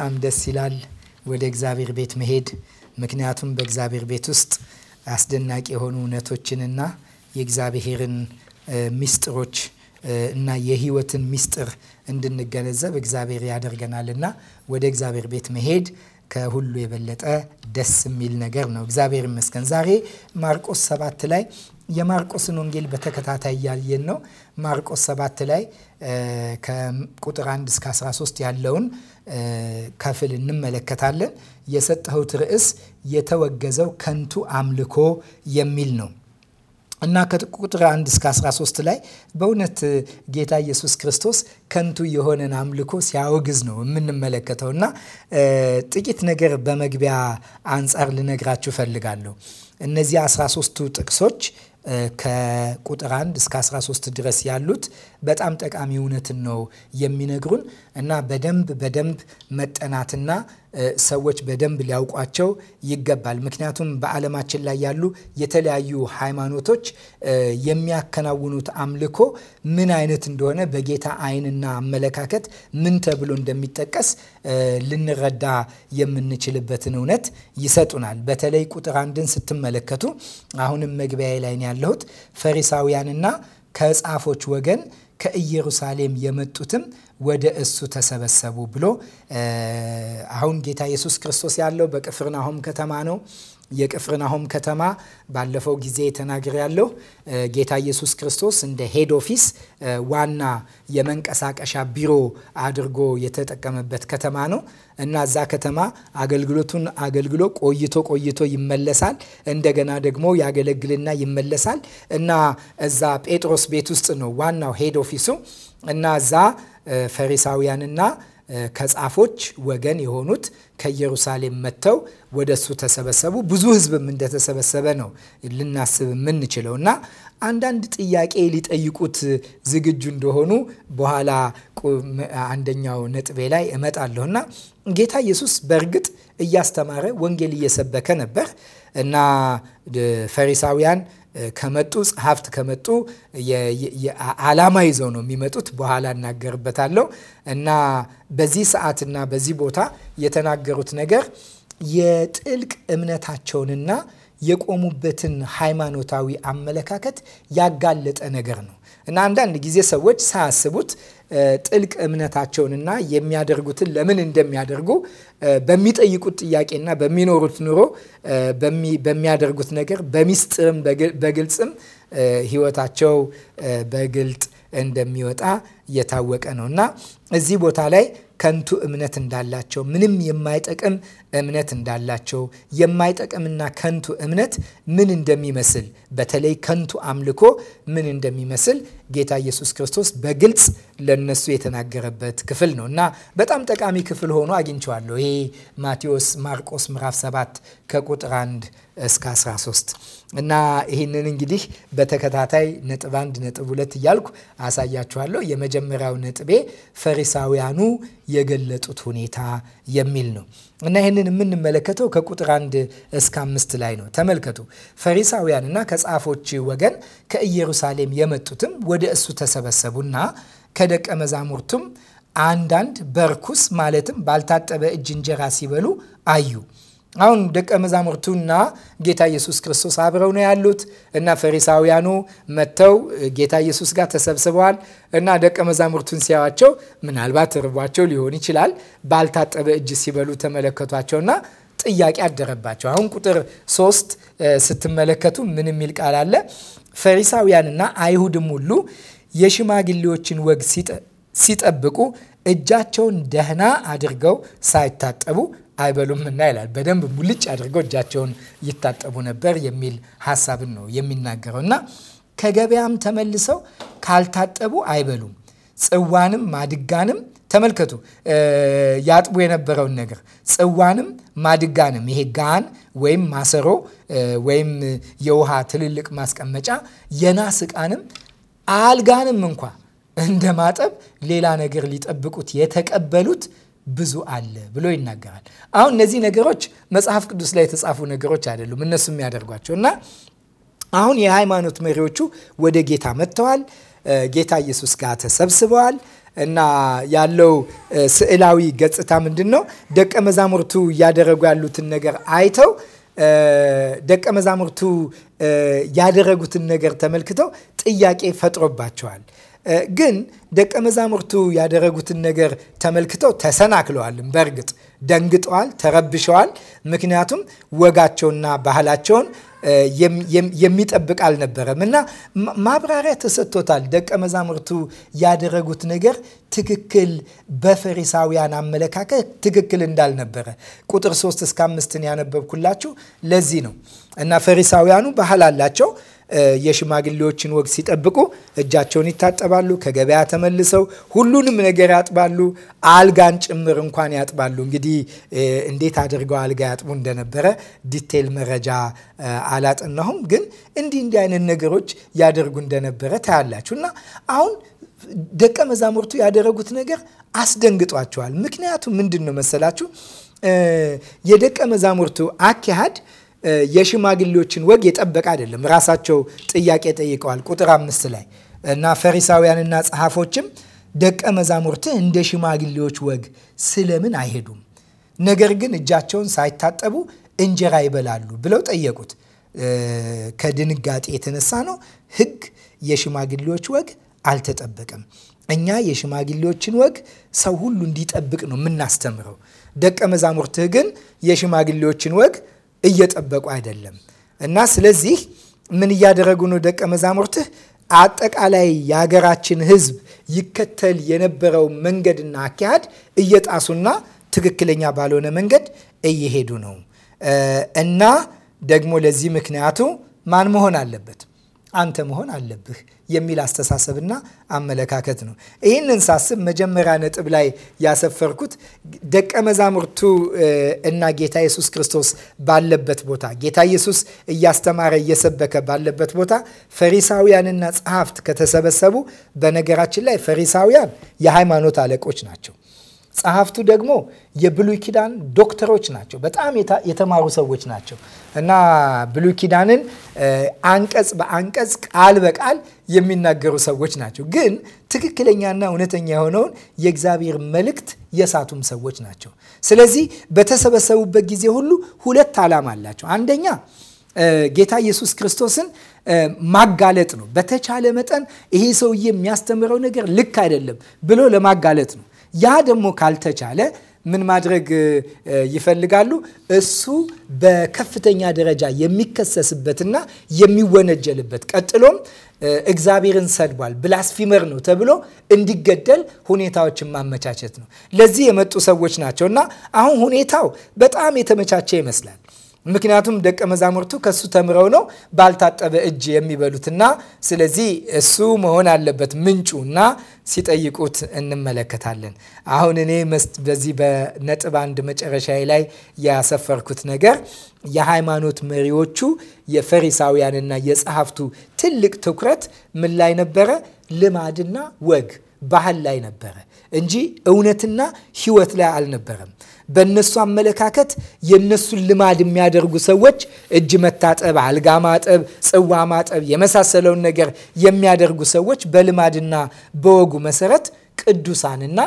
በጣም ደስ ይላል ወደ እግዚአብሔር ቤት መሄድ። ምክንያቱም በእግዚአብሔር ቤት ውስጥ አስደናቂ የሆኑ እውነቶችንና የእግዚአብሔርን ሚስጥሮች እና የህይወትን ሚስጥር እንድንገነዘብ እግዚአብሔር ያደርገናል እና ወደ እግዚአብሔር ቤት መሄድ ከሁሉ የበለጠ ደስ የሚል ነገር ነው። እግዚአብሔር ይመስገን። ዛሬ ማርቆስ ሰባት ላይ የማርቆስን ወንጌል በተከታታይ እያየን ነው። ማርቆስ ሰባት ላይ ከቁጥር 1 እስከ 13 ያለውን ክፍል እንመለከታለን። የሰጠሁት ርዕስ የተወገዘው ከንቱ አምልኮ የሚል ነው። እና ከቁጥር 1 እስከ 13 ላይ በእውነት ጌታ ኢየሱስ ክርስቶስ ከንቱ የሆነን አምልኮ ሲያወግዝ ነው የምንመለከተው። እና ጥቂት ነገር በመግቢያ አንጻር ልነግራችሁ ፈልጋለሁ። እነዚህ 13ቱ ጥቅሶች ከቁጥር 1 እስከ 13 ድረስ ያሉት በጣም ጠቃሚ እውነትን ነው የሚነግሩን። እና በደንብ በደንብ መጠናትና ሰዎች በደንብ ሊያውቋቸው ይገባል። ምክንያቱም በዓለማችን ላይ ያሉ የተለያዩ ሃይማኖቶች የሚያከናውኑት አምልኮ ምን አይነት እንደሆነ በጌታ ዓይንና አመለካከት ምን ተብሎ እንደሚጠቀስ ልንረዳ የምንችልበትን እውነት ይሰጡናል። በተለይ ቁጥር አንድን ስትመለከቱ አሁንም መግቢያ ላይ ያለሁት ፈሪሳውያንና ከጻፎች ወገን ከኢየሩሳሌም የመጡትም ወደ እሱ ተሰበሰቡ ብሎ አሁን ጌታ ኢየሱስ ክርስቶስ ያለው በቅፍርናሆም ከተማ ነው። የቅፍርናሆም ከተማ ባለፈው ጊዜ ተናግር ያለው ጌታ ኢየሱስ ክርስቶስ እንደ ሄድ ኦፊስ ዋና የመንቀሳቀሻ ቢሮ አድርጎ የተጠቀመበት ከተማ ነው እና እዛ ከተማ አገልግሎቱን አገልግሎ ቆይቶ ቆይቶ ይመለሳል። እንደገና ደግሞ ያገለግልና ይመለሳል እና እዛ ጴጥሮስ ቤት ውስጥ ነው ዋናው ሄድ ኦፊሱ እና እዛ ፈሪሳውያንና ከጻፎች ወገን የሆኑት ከኢየሩሳሌም መጥተው ወደ እሱ ተሰበሰቡ። ብዙ ሕዝብም እንደተሰበሰበ ነው ልናስብ የምንችለው እና አንዳንድ ጥያቄ ሊጠይቁት ዝግጁ እንደሆኑ በኋላ አንደኛው ነጥቤ ላይ እመጣለሁ እና ጌታ ኢየሱስ በእርግጥ እያስተማረ ወንጌል እየሰበከ ነበር እና ፈሪሳውያን ከመጡ ጸሐፍት ከመጡ አላማ ይዘው ነው የሚመጡት። በኋላ እናገርበታለሁ እና በዚህ ሰዓትና በዚህ ቦታ የተናገሩት ነገር የጥልቅ እምነታቸውንና የቆሙበትን ሃይማኖታዊ አመለካከት ያጋለጠ ነገር ነው። እና አንዳንድ ጊዜ ሰዎች ሳያስቡት ጥልቅ እምነታቸውንና የሚያደርጉትን ለምን እንደሚያደርጉ በሚጠይቁት ጥያቄና በሚኖሩት ኑሮ በሚያደርጉት ነገር በሚስጥርም በግልጽም ሕይወታቸው በግልጥ እንደሚወጣ የታወቀ ነው እና እዚህ ቦታ ላይ ከንቱ እምነት እንዳላቸው ምንም የማይጠቅም እምነት እንዳላቸው የማይጠቅምና ከንቱ እምነት ምን እንደሚመስል በተለይ ከንቱ አምልኮ ምን እንደሚመስል ጌታ ኢየሱስ ክርስቶስ በግልጽ ለነሱ የተናገረበት ክፍል ነው እና በጣም ጠቃሚ ክፍል ሆኖ አግኝቸዋለሁ። ይሄ ማቴዎስ ማርቆስ ምዕራፍ 7 ከቁጥር 1 እስከ 13 እና ይህንን እንግዲህ በተከታታይ ነጥብ 1 ነጥብ 2 እያልኩ አሳያችኋለሁ። የመጀመሪያው ነጥቤ ፈሪሳውያኑ የገለጡት ሁኔታ የሚል ነው እና ይህንን የምንመለከተው ከቁጥር አንድ እስከ አምስት ላይ ነው። ተመልከቱ። ፈሪሳውያንና ከጻፎች ወገን ከኢየሩሳሌም የመጡትም ወደ እሱ ተሰበሰቡና ከደቀ መዛሙርቱም አንዳንድ በርኩስ ማለትም ባልታጠበ እጅ እንጀራ ሲበሉ አዩ። አሁን ደቀ መዛሙርቱና ጌታ ኢየሱስ ክርስቶስ አብረው ነው ያሉት እና ፈሪሳውያኑ መጥተው ጌታ ኢየሱስ ጋር ተሰብስበዋል እና ደቀ መዛሙርቱን ሲያዋቸው ምናልባት ርቧቸው ሊሆን ይችላል። ባልታጠበ እጅ ሲበሉ ተመለከቷቸውና ጥያቄ አደረባቸው። አሁን ቁጥር ሶስት ስትመለከቱ ምን የሚል ቃል አለ? ፈሪሳውያንና አይሁድም ሁሉ የሽማግሌዎችን ወግ ሲጠብቁ እጃቸውን ደህና አድርገው ሳይታጠቡ አይበሉም እና ይላል። በደንብ ሙልጭ አድርገው እጃቸውን ይታጠቡ ነበር የሚል ሀሳብን ነው የሚናገረው እና ከገበያም ተመልሰው ካልታጠቡ አይበሉም። ጽዋንም ማድጋንም ተመልከቱ፣ ያጥቡ የነበረውን ነገር ጽዋንም ማድጋንም፣ ይሄ ጋን ወይም ማሰሮ ወይም የውሃ ትልልቅ ማስቀመጫ የናስ ዕቃንም አልጋንም እንኳ እንደ ማጠብ ሌላ ነገር ሊጠብቁት የተቀበሉት ብዙ አለ ብሎ ይናገራል። አሁን እነዚህ ነገሮች መጽሐፍ ቅዱስ ላይ የተጻፉ ነገሮች አይደሉም፣ እነሱ የሚያደርጓቸው እና አሁን የሃይማኖት መሪዎቹ ወደ ጌታ መጥተዋል። ጌታ ኢየሱስ ጋር ተሰብስበዋል እና ያለው ስዕላዊ ገጽታ ምንድን ነው? ደቀ መዛሙርቱ እያደረጉ ያሉትን ነገር አይተው ደቀ መዛሙርቱ ያደረጉትን ነገር ተመልክተው ጥያቄ ፈጥሮባቸዋል። ግን ደቀ መዛሙርቱ ያደረጉትን ነገር ተመልክተው ተሰናክለዋል። በእርግጥ ደንግጠዋል፣ ተረብሸዋል። ምክንያቱም ወጋቸውና ባህላቸውን የሚጠብቅ አልነበረም እና ማብራሪያ ተሰጥቶታል። ደቀ መዛሙርቱ ያደረጉት ነገር ትክክል በፈሪሳውያን አመለካከት ትክክል እንዳልነበረ ቁጥር 3 እስከ 5ን ያነበብኩላችሁ ለዚህ ነው እና ፈሪሳውያኑ ባህል አላቸው የሽማግሌዎችን ወግ ሲጠብቁ እጃቸውን ይታጠባሉ፣ ከገበያ ተመልሰው ሁሉንም ነገር ያጥባሉ፣ አልጋን ጭምር እንኳን ያጥባሉ። እንግዲህ እንዴት አድርገው አልጋ ያጥቡ እንደነበረ ዲቴል መረጃ አላጠናሁም፣ ግን እንዲህ እንዲህ አይነት ነገሮች ያደርጉ እንደነበረ ታያላችሁ እና አሁን ደቀ መዛሙርቱ ያደረጉት ነገር አስደንግጧቸዋል። ምክንያቱም ምንድን ነው መሰላችሁ የደቀ መዛሙርቱ አካሄድ የሽማግሌዎችን ወግ የጠበቀ አይደለም። ራሳቸው ጥያቄ ጠይቀዋል ቁጥር አምስት ላይ እና ፈሪሳውያንና ጸሐፎችም ደቀ መዛሙርትህ እንደ ሽማግሌዎች ወግ ስለምን አይሄዱም? ነገር ግን እጃቸውን ሳይታጠቡ እንጀራ ይበላሉ ብለው ጠየቁት። ከድንጋጤ የተነሳ ነው። ህግ የሽማግሌዎች ወግ አልተጠበቀም። እኛ የሽማግሌዎችን ወግ ሰው ሁሉ እንዲጠብቅ ነው የምናስተምረው። ደቀ መዛሙርትህ ግን የሽማግሌዎችን ወግ እየጠበቁ አይደለም። እና ስለዚህ ምን እያደረጉ ነው? ደቀ መዛሙርትህ አጠቃላይ የሀገራችን ህዝብ ይከተል የነበረው መንገድና አካሄድ እየጣሱና ትክክለኛ ባልሆነ መንገድ እየሄዱ ነው። እና ደግሞ ለዚህ ምክንያቱ ማን መሆን አለበት? አንተ መሆን አለብህ የሚል አስተሳሰብና አመለካከት ነው። ይህንን ሳስብ መጀመሪያ ነጥብ ላይ ያሰፈርኩት ደቀ መዛሙርቱ እና ጌታ ኢየሱስ ክርስቶስ ባለበት ቦታ ጌታ ኢየሱስ እያስተማረ እየሰበከ ባለበት ቦታ ፈሪሳውያንና ጸሐፍት ከተሰበሰቡ፣ በነገራችን ላይ ፈሪሳውያን የሃይማኖት አለቆች ናቸው። ጸሐፍቱ ደግሞ የብሉይ ኪዳን ዶክተሮች ናቸው። በጣም የተማሩ ሰዎች ናቸው እና ብሉይ ኪዳንን አንቀጽ በአንቀጽ ቃል በቃል የሚናገሩ ሰዎች ናቸው። ግን ትክክለኛና እውነተኛ የሆነውን የእግዚአብሔር መልእክት የሳቱም ሰዎች ናቸው። ስለዚህ በተሰበሰቡበት ጊዜ ሁሉ ሁለት ዓላማ አላቸው። አንደኛ ጌታ ኢየሱስ ክርስቶስን ማጋለጥ ነው። በተቻለ መጠን ይሄ ሰውዬ የሚያስተምረው ነገር ልክ አይደለም ብሎ ለማጋለጥ ነው። ያ ደግሞ ካልተቻለ ምን ማድረግ ይፈልጋሉ? እሱ በከፍተኛ ደረጃ የሚከሰስበትና የሚወነጀልበት ቀጥሎም እግዚአብሔርን ሰድቧል፣ ብላስፊመር ነው ተብሎ እንዲገደል ሁኔታዎችን ማመቻቸት ነው። ለዚህ የመጡ ሰዎች ናቸው እና አሁን ሁኔታው በጣም የተመቻቸ ይመስላል። ምክንያቱም ደቀ መዛሙርቱ ከሱ ተምረው ነው ባልታጠበ እጅ የሚበሉትና ስለዚህ እሱ መሆን አለበት ምንጩ እና ሲጠይቁት እንመለከታለን። አሁን እኔ በዚህ በነጥብ አንድ መጨረሻ ላይ ያሰፈርኩት ነገር የሃይማኖት መሪዎቹ የፈሪሳውያንና የጸሐፍቱ ትልቅ ትኩረት ምን ላይ ነበረ? ልማድና ወግ ባህል ላይ ነበረ እንጂ እውነትና ህይወት ላይ አልነበረም። በእነሱ አመለካከት የእነሱን ልማድ የሚያደርጉ ሰዎች እጅ መታጠብ፣ አልጋ ማጠብ፣ ጽዋ ማጠብ የመሳሰለውን ነገር የሚያደርጉ ሰዎች በልማድና በወጉ መሰረት ቅዱሳንና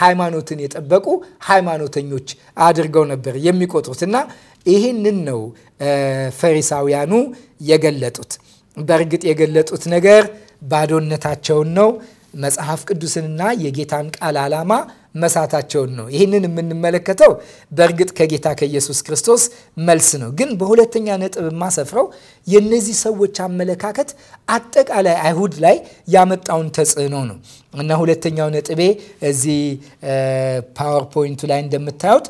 ሃይማኖትን የጠበቁ ሃይማኖተኞች አድርገው ነበር የሚቆጥሩት እና ይህንን ነው ፈሪሳውያኑ የገለጡት። በእርግጥ የገለጡት ነገር ባዶነታቸውን ነው። መጽሐፍ ቅዱስንና የጌታን ቃል ዓላማ መሳታቸውን ነው። ይህንን የምንመለከተው በእርግጥ ከጌታ ከኢየሱስ ክርስቶስ መልስ ነው። ግን በሁለተኛ ነጥብ የማሰፍረው የእነዚህ ሰዎች አመለካከት አጠቃላይ አይሁድ ላይ ያመጣውን ተጽዕኖ ነው እና ሁለተኛው ነጥቤ እዚህ ፓወርፖይንቱ ላይ እንደምታዩት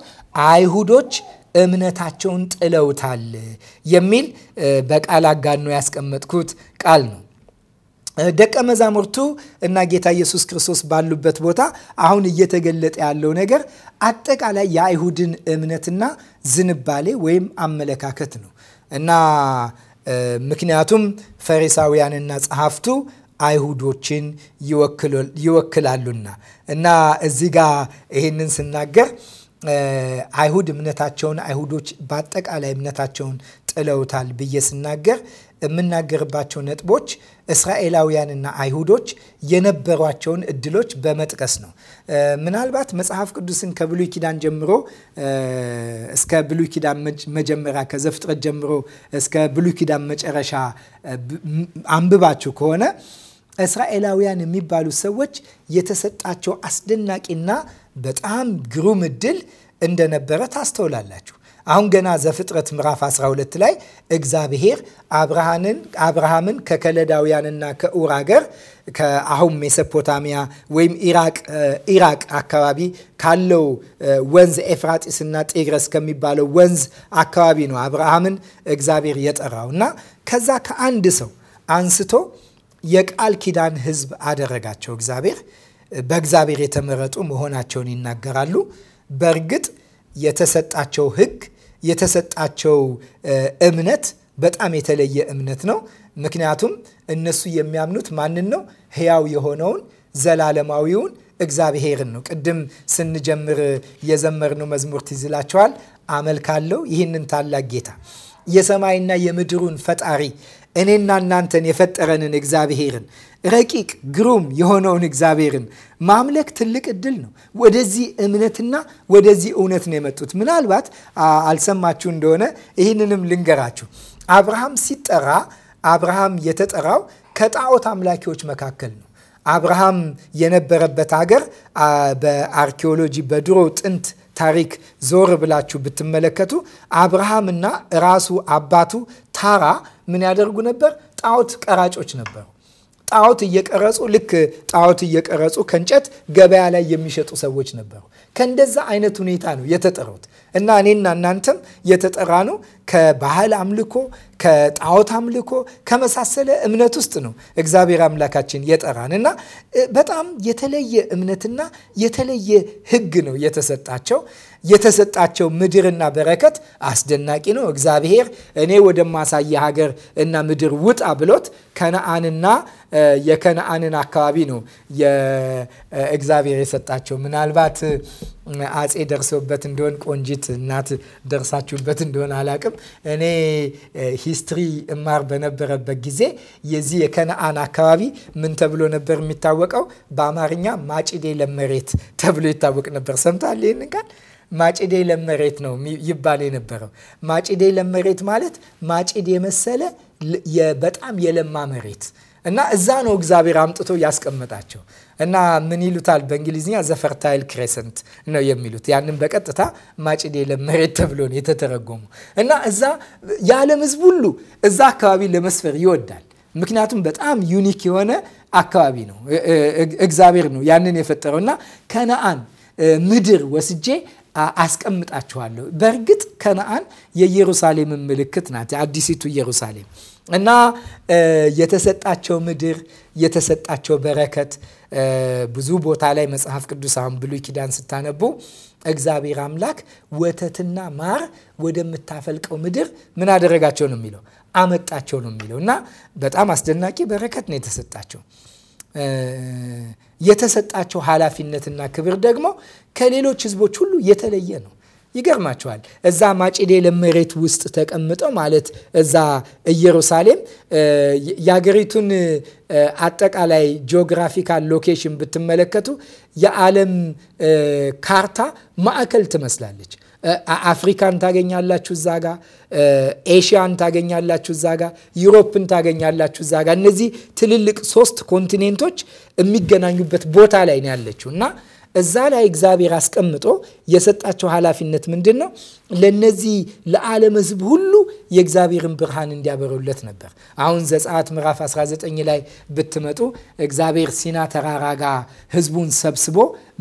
አይሁዶች እምነታቸውን ጥለውታል የሚል በቃል አጋኖ ያስቀመጥኩት ቃል ነው። ደቀ መዛሙርቱ እና ጌታ ኢየሱስ ክርስቶስ ባሉበት ቦታ አሁን እየተገለጠ ያለው ነገር አጠቃላይ የአይሁድን እምነትና ዝንባሌ ወይም አመለካከት ነው እና ምክንያቱም ፈሪሳውያንና ጸሐፍቱ አይሁዶችን ይወክላሉና እና እዚህ ጋ ይህንን ስናገር አይሁድ እምነታቸውን አይሁዶች በአጠቃላይ እምነታቸውን ጥለውታል ብዬ ስናገር የምናገርባቸው ነጥቦች እስራኤላውያንና አይሁዶች የነበሯቸውን እድሎች በመጥቀስ ነው። ምናልባት መጽሐፍ ቅዱስን ከብሉይ ኪዳን ጀምሮ እስከ ብሉይ ኪዳን መጀመሪያ ከዘፍጥረት ጀምሮ እስከ ብሉይ ኪዳን መጨረሻ አንብባችሁ ከሆነ እስራኤላውያን የሚባሉ ሰዎች የተሰጣቸው አስደናቂና በጣም ግሩም እድል እንደነበረ ታስተውላላችሁ። አሁን ገና ዘፍጥረት ምዕራፍ 12 ላይ እግዚአብሔር አብርሃንን አብርሃምን ከከለዳውያንና ከኡር አገር ከአሁን ሜሶፖታሚያ ወይም ኢራቅ አካባቢ ካለው ወንዝ ኤፍራጢስና ጤግረስ ከሚባለው ወንዝ አካባቢ ነው አብርሃምን እግዚአብሔር የጠራው እና ከዛ ከአንድ ሰው አንስቶ የቃል ኪዳን ሕዝብ አደረጋቸው። እግዚአብሔር በእግዚአብሔር የተመረጡ መሆናቸውን ይናገራሉ። በእርግጥ የተሰጣቸው ሕግ የተሰጣቸው እምነት በጣም የተለየ እምነት ነው። ምክንያቱም እነሱ የሚያምኑት ማንን ነው? ሕያው የሆነውን ዘላለማዊውን እግዚአብሔርን ነው። ቅድም ስንጀምር የዘመርነው መዝሙር ትዝላቸዋል። አመልካለሁ ይህንን ታላቅ ጌታ የሰማይና የምድሩን ፈጣሪ እኔና እናንተን የፈጠረንን እግዚአብሔርን ረቂቅ ግሩም የሆነውን እግዚአብሔርን ማምለክ ትልቅ እድል ነው። ወደዚህ እምነትና ወደዚህ እውነት ነው የመጡት። ምናልባት አልሰማችሁ እንደሆነ ይህንንም ልንገራችሁ። አብርሃም ሲጠራ አብርሃም የተጠራው ከጣዖት አምላኪዎች መካከል ነው። አብርሃም የነበረበት ሀገር በአርኪኦሎጂ በድሮ ጥንት ታሪክ ዞር ብላችሁ ብትመለከቱ አብርሃምና ራሱ አባቱ ታራ ምን ያደርጉ ነበር? ጣዖት ቀራጮች ነበሩ። ጣዖት እየቀረጹ ልክ ጣዖት እየቀረጹ ከእንጨት ገበያ ላይ የሚሸጡ ሰዎች ነበሩ። ከእንደዛ አይነት ሁኔታ ነው የተጠሩት እና እኔና እናንተም የተጠራ ነው ከባህል አምልኮ፣ ከጣዖት አምልኮ ከመሳሰለ እምነት ውስጥ ነው እግዚአብሔር አምላካችን የጠራን እና በጣም የተለየ እምነትና የተለየ ሕግ ነው የተሰጣቸው የተሰጣቸው ምድርና በረከት አስደናቂ ነው። እግዚአብሔር እኔ ወደማሳየ ሀገር እና ምድር ውጣ ብሎት ከነአንና የከነአንን አካባቢ ነው እግዚአብሔር የሰጣቸው። ምናልባት አጼ ደርሶበት እንደሆን ቆንጂት እናት ደርሳችሁበት እንደሆን አላቅም። እኔ ሂስትሪ እማር በነበረበት ጊዜ የዚህ የከነአን አካባቢ ምን ተብሎ ነበር የሚታወቀው? በአማርኛ ማጭዴ ለመሬት ተብሎ ይታወቅ ነበር። ሰምታል ይህን ቃል ማጭዴ ለመሬት ነው ይባል የነበረው። ማጭዴ ለመሬት ማለት ማጭድ የመሰለ በጣም የለማ መሬት እና እዛ ነው እግዚአብሔር አምጥቶ ያስቀመጣቸው። እና ምን ይሉታል በእንግሊዝኛ ዘፈርታይል ክሬሰንት ነው የሚሉት። ያንን በቀጥታ ማጭዴ ለመሬት ተብሎ ነው የተተረጎሙ። እና እዛ የዓለም ሕዝብ ሁሉ እዛ አካባቢ ለመስፈር ይወዳል። ምክንያቱም በጣም ዩኒክ የሆነ አካባቢ ነው። እግዚአብሔር ነው ያንን የፈጠረው እና ከነአን ምድር ወስጄ አስቀምጣችኋለሁ። በእርግጥ ከነአን የኢየሩሳሌም ምልክት ናት፣ የአዲሲቱ ኢየሩሳሌም እና የተሰጣቸው ምድር የተሰጣቸው በረከት ብዙ ቦታ ላይ መጽሐፍ ቅዱስ አሁን ብሉይ ኪዳን ስታነቡ እግዚአብሔር አምላክ ወተትና ማር ወደምታፈልቀው ምድር ምን አደረጋቸው ነው የሚለው አመጣቸው ነው የሚለው እና በጣም አስደናቂ በረከት ነው የተሰጣቸው። የተሰጣቸው ኃላፊነትና ክብር ደግሞ ከሌሎች ህዝቦች ሁሉ የተለየ ነው። ይገርማቸዋል። እዛ ማጭዴ መሬት ውስጥ ተቀምጠው ማለት እዛ ኢየሩሳሌም የአገሪቱን አጠቃላይ ጂኦግራፊካል ሎኬሽን ብትመለከቱ የዓለም ካርታ ማዕከል ትመስላለች። አፍሪካን ታገኛላችሁ እዛ ጋ፣ ኤሽያን ታገኛላችሁ እዛ ጋ፣ ዩሮፕን ታገኛላችሁ እዛ ጋ። እነዚህ ትልልቅ ሶስት ኮንቲኔንቶች የሚገናኙበት ቦታ ላይ ነው ያለችው እና እዛ ላይ እግዚአብሔር አስቀምጦ የሰጣቸው ኃላፊነት ምንድን ነው? ለነዚህ ለዓለም ሕዝብ ሁሉ የእግዚአብሔርን ብርሃን እንዲያበሩለት ነበር። አሁን ዘጸአት ምዕራፍ 19 ላይ ብትመጡ እግዚአብሔር ሲና ተራራ ጋር ሕዝቡን ሰብስቦ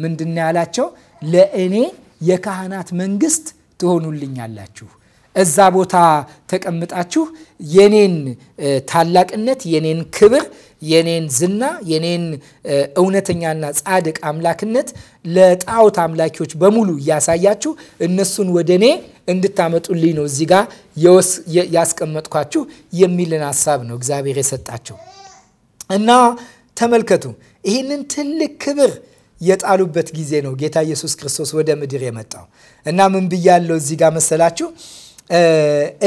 ምንድን ያላቸው ለእኔ የካህናት መንግስት ትሆኑልኛላችሁ። እዛ ቦታ ተቀምጣችሁ የኔን ታላቅነት፣ የኔን ክብር፣ የኔን ዝና፣ የኔን እውነተኛና ጻድቅ አምላክነት ለጣዖት አምላኪዎች በሙሉ እያሳያችሁ እነሱን ወደ እኔ እንድታመጡልኝ ነው እዚህ ጋር ያስቀመጥኳችሁ የሚልን ሀሳብ ነው እግዚአብሔር የሰጣቸው እና ተመልከቱ ይህንን ትልቅ ክብር የጣሉበት ጊዜ ነው ጌታ ኢየሱስ ክርስቶስ ወደ ምድር የመጣው እና ምን ብያለው እዚህ ጋር መሰላችሁ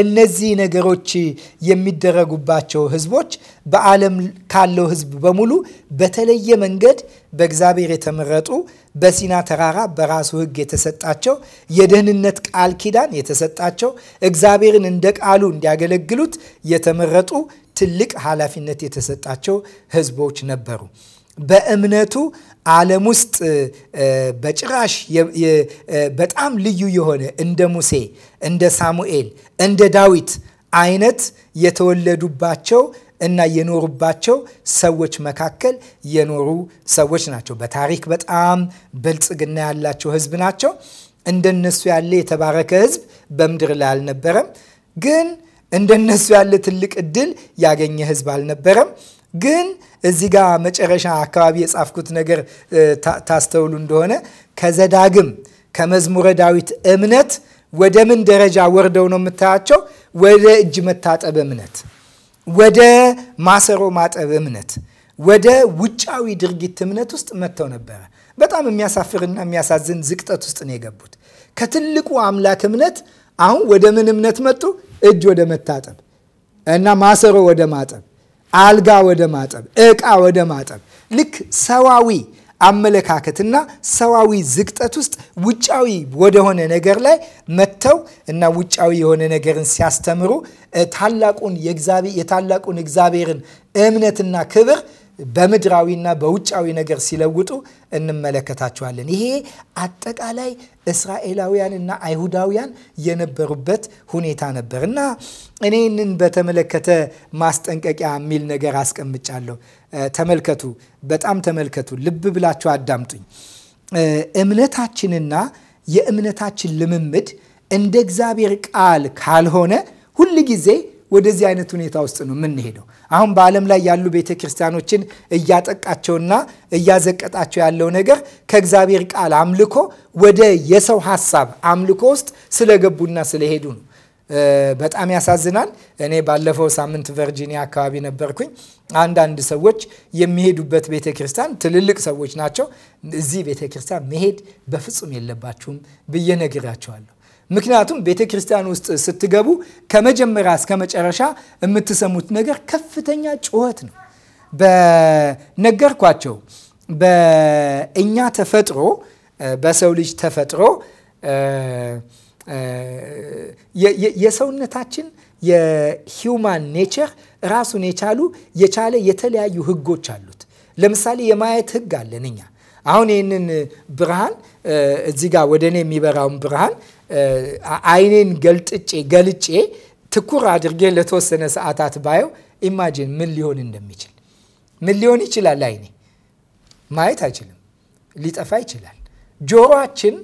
እነዚህ ነገሮች የሚደረጉባቸው ህዝቦች በዓለም ካለው ህዝብ በሙሉ በተለየ መንገድ በእግዚአብሔር የተመረጡ በሲና ተራራ በራሱ ህግ የተሰጣቸው የደህንነት ቃል ኪዳን የተሰጣቸው እግዚአብሔርን እንደ ቃሉ እንዲያገለግሉት የተመረጡ ትልቅ ኃላፊነት የተሰጣቸው ህዝቦች ነበሩ። በእምነቱ ዓለም ውስጥ በጭራሽ በጣም ልዩ የሆነ እንደ ሙሴ፣ እንደ ሳሙኤል፣ እንደ ዳዊት አይነት የተወለዱባቸው እና የኖሩባቸው ሰዎች መካከል የኖሩ ሰዎች ናቸው። በታሪክ በጣም ብልጽግና ያላቸው ሕዝብ ናቸው። እንደነሱ ያለ የተባረከ ሕዝብ በምድር ላይ አልነበረም። ግን እንደነሱ ያለ ትልቅ እድል ያገኘ ሕዝብ አልነበረም። ግን እዚ ጋር መጨረሻ አካባቢ የጻፍኩት ነገር ታስተውሉ እንደሆነ ከዘዳግም ከመዝሙረ ዳዊት እምነት ወደ ምን ደረጃ ወርደው ነው የምታያቸው? ወደ እጅ መታጠብ እምነት፣ ወደ ማሰሮ ማጠብ እምነት፣ ወደ ውጫዊ ድርጊት እምነት ውስጥ መጥተው ነበረ። በጣም የሚያሳፍርና የሚያሳዝን ዝቅጠት ውስጥ ነው የገቡት። ከትልቁ አምላክ እምነት አሁን ወደ ምን እምነት መጡ? እጅ ወደ መታጠብ እና ማሰሮ ወደ ማጠብ አልጋ ወደ ማጠብ፣ እቃ ወደ ማጠብ ልክ ሰዋዊ አመለካከትና ሰዋዊ ዝቅጠት ውስጥ ውጫዊ ወደሆነ ነገር ላይ መጥተው እና ውጫዊ የሆነ ነገርን ሲያስተምሩ ታላቁን የታላቁን እግዚአብሔርን እምነትና ክብር በምድራዊና በውጫዊ ነገር ሲለውጡ እንመለከታቸዋለን። ይሄ አጠቃላይ እስራኤላውያን እና አይሁዳውያን የነበሩበት ሁኔታ ነበር እና እኔንን በተመለከተ ማስጠንቀቂያ የሚል ነገር አስቀምጫለሁ። ተመልከቱ፣ በጣም ተመልከቱ፣ ልብ ብላችሁ አዳምጡኝ። እምነታችንና የእምነታችን ልምምድ እንደ እግዚአብሔር ቃል ካልሆነ ጊዜ ወደዚህ አይነት ሁኔታ ውስጥ ነው የምንሄደው። አሁን በዓለም ላይ ያሉ ቤተ ክርስቲያኖችን እያጠቃቸውና እያዘቀጣቸው ያለው ነገር ከእግዚአብሔር ቃል አምልኮ ወደ የሰው ሀሳብ አምልኮ ውስጥ ስለገቡና ስለሄዱ ነው። በጣም ያሳዝናል። እኔ ባለፈው ሳምንት ቨርጂኒያ አካባቢ ነበርኩኝ። አንዳንድ ሰዎች የሚሄዱበት ቤተ ክርስቲያን ትልልቅ ሰዎች ናቸው። እዚህ ቤተ ክርስቲያን መሄድ በፍጹም የለባችሁም ብዬ ነግራቸዋለሁ። ምክንያቱም ቤተ ክርስቲያን ውስጥ ስትገቡ ከመጀመሪያ እስከ መጨረሻ የምትሰሙት ነገር ከፍተኛ ጩኸት ነው። በነገርኳቸው በእኛ ተፈጥሮ በሰው ልጅ ተፈጥሮ የሰውነታችን የሂውማን ኔቸር ራሱን የቻሉ የቻለ የተለያዩ ህጎች አሉት። ለምሳሌ የማየት ህግ አለን እኛ አሁን ይህንን ብርሃን እዚህ ጋር ወደ እኔ የሚበራውን ብርሃን አይኔን ገልጥጬ ገልጬ ትኩር አድርጌ ለተወሰነ ሰዓታት ባየው ኢማጂን ምን ሊሆን እንደሚችል ምን ሊሆን ይችላል? አይኔ ማየት አይችልም፣ ሊጠፋ ይችላል። ጆሮአችን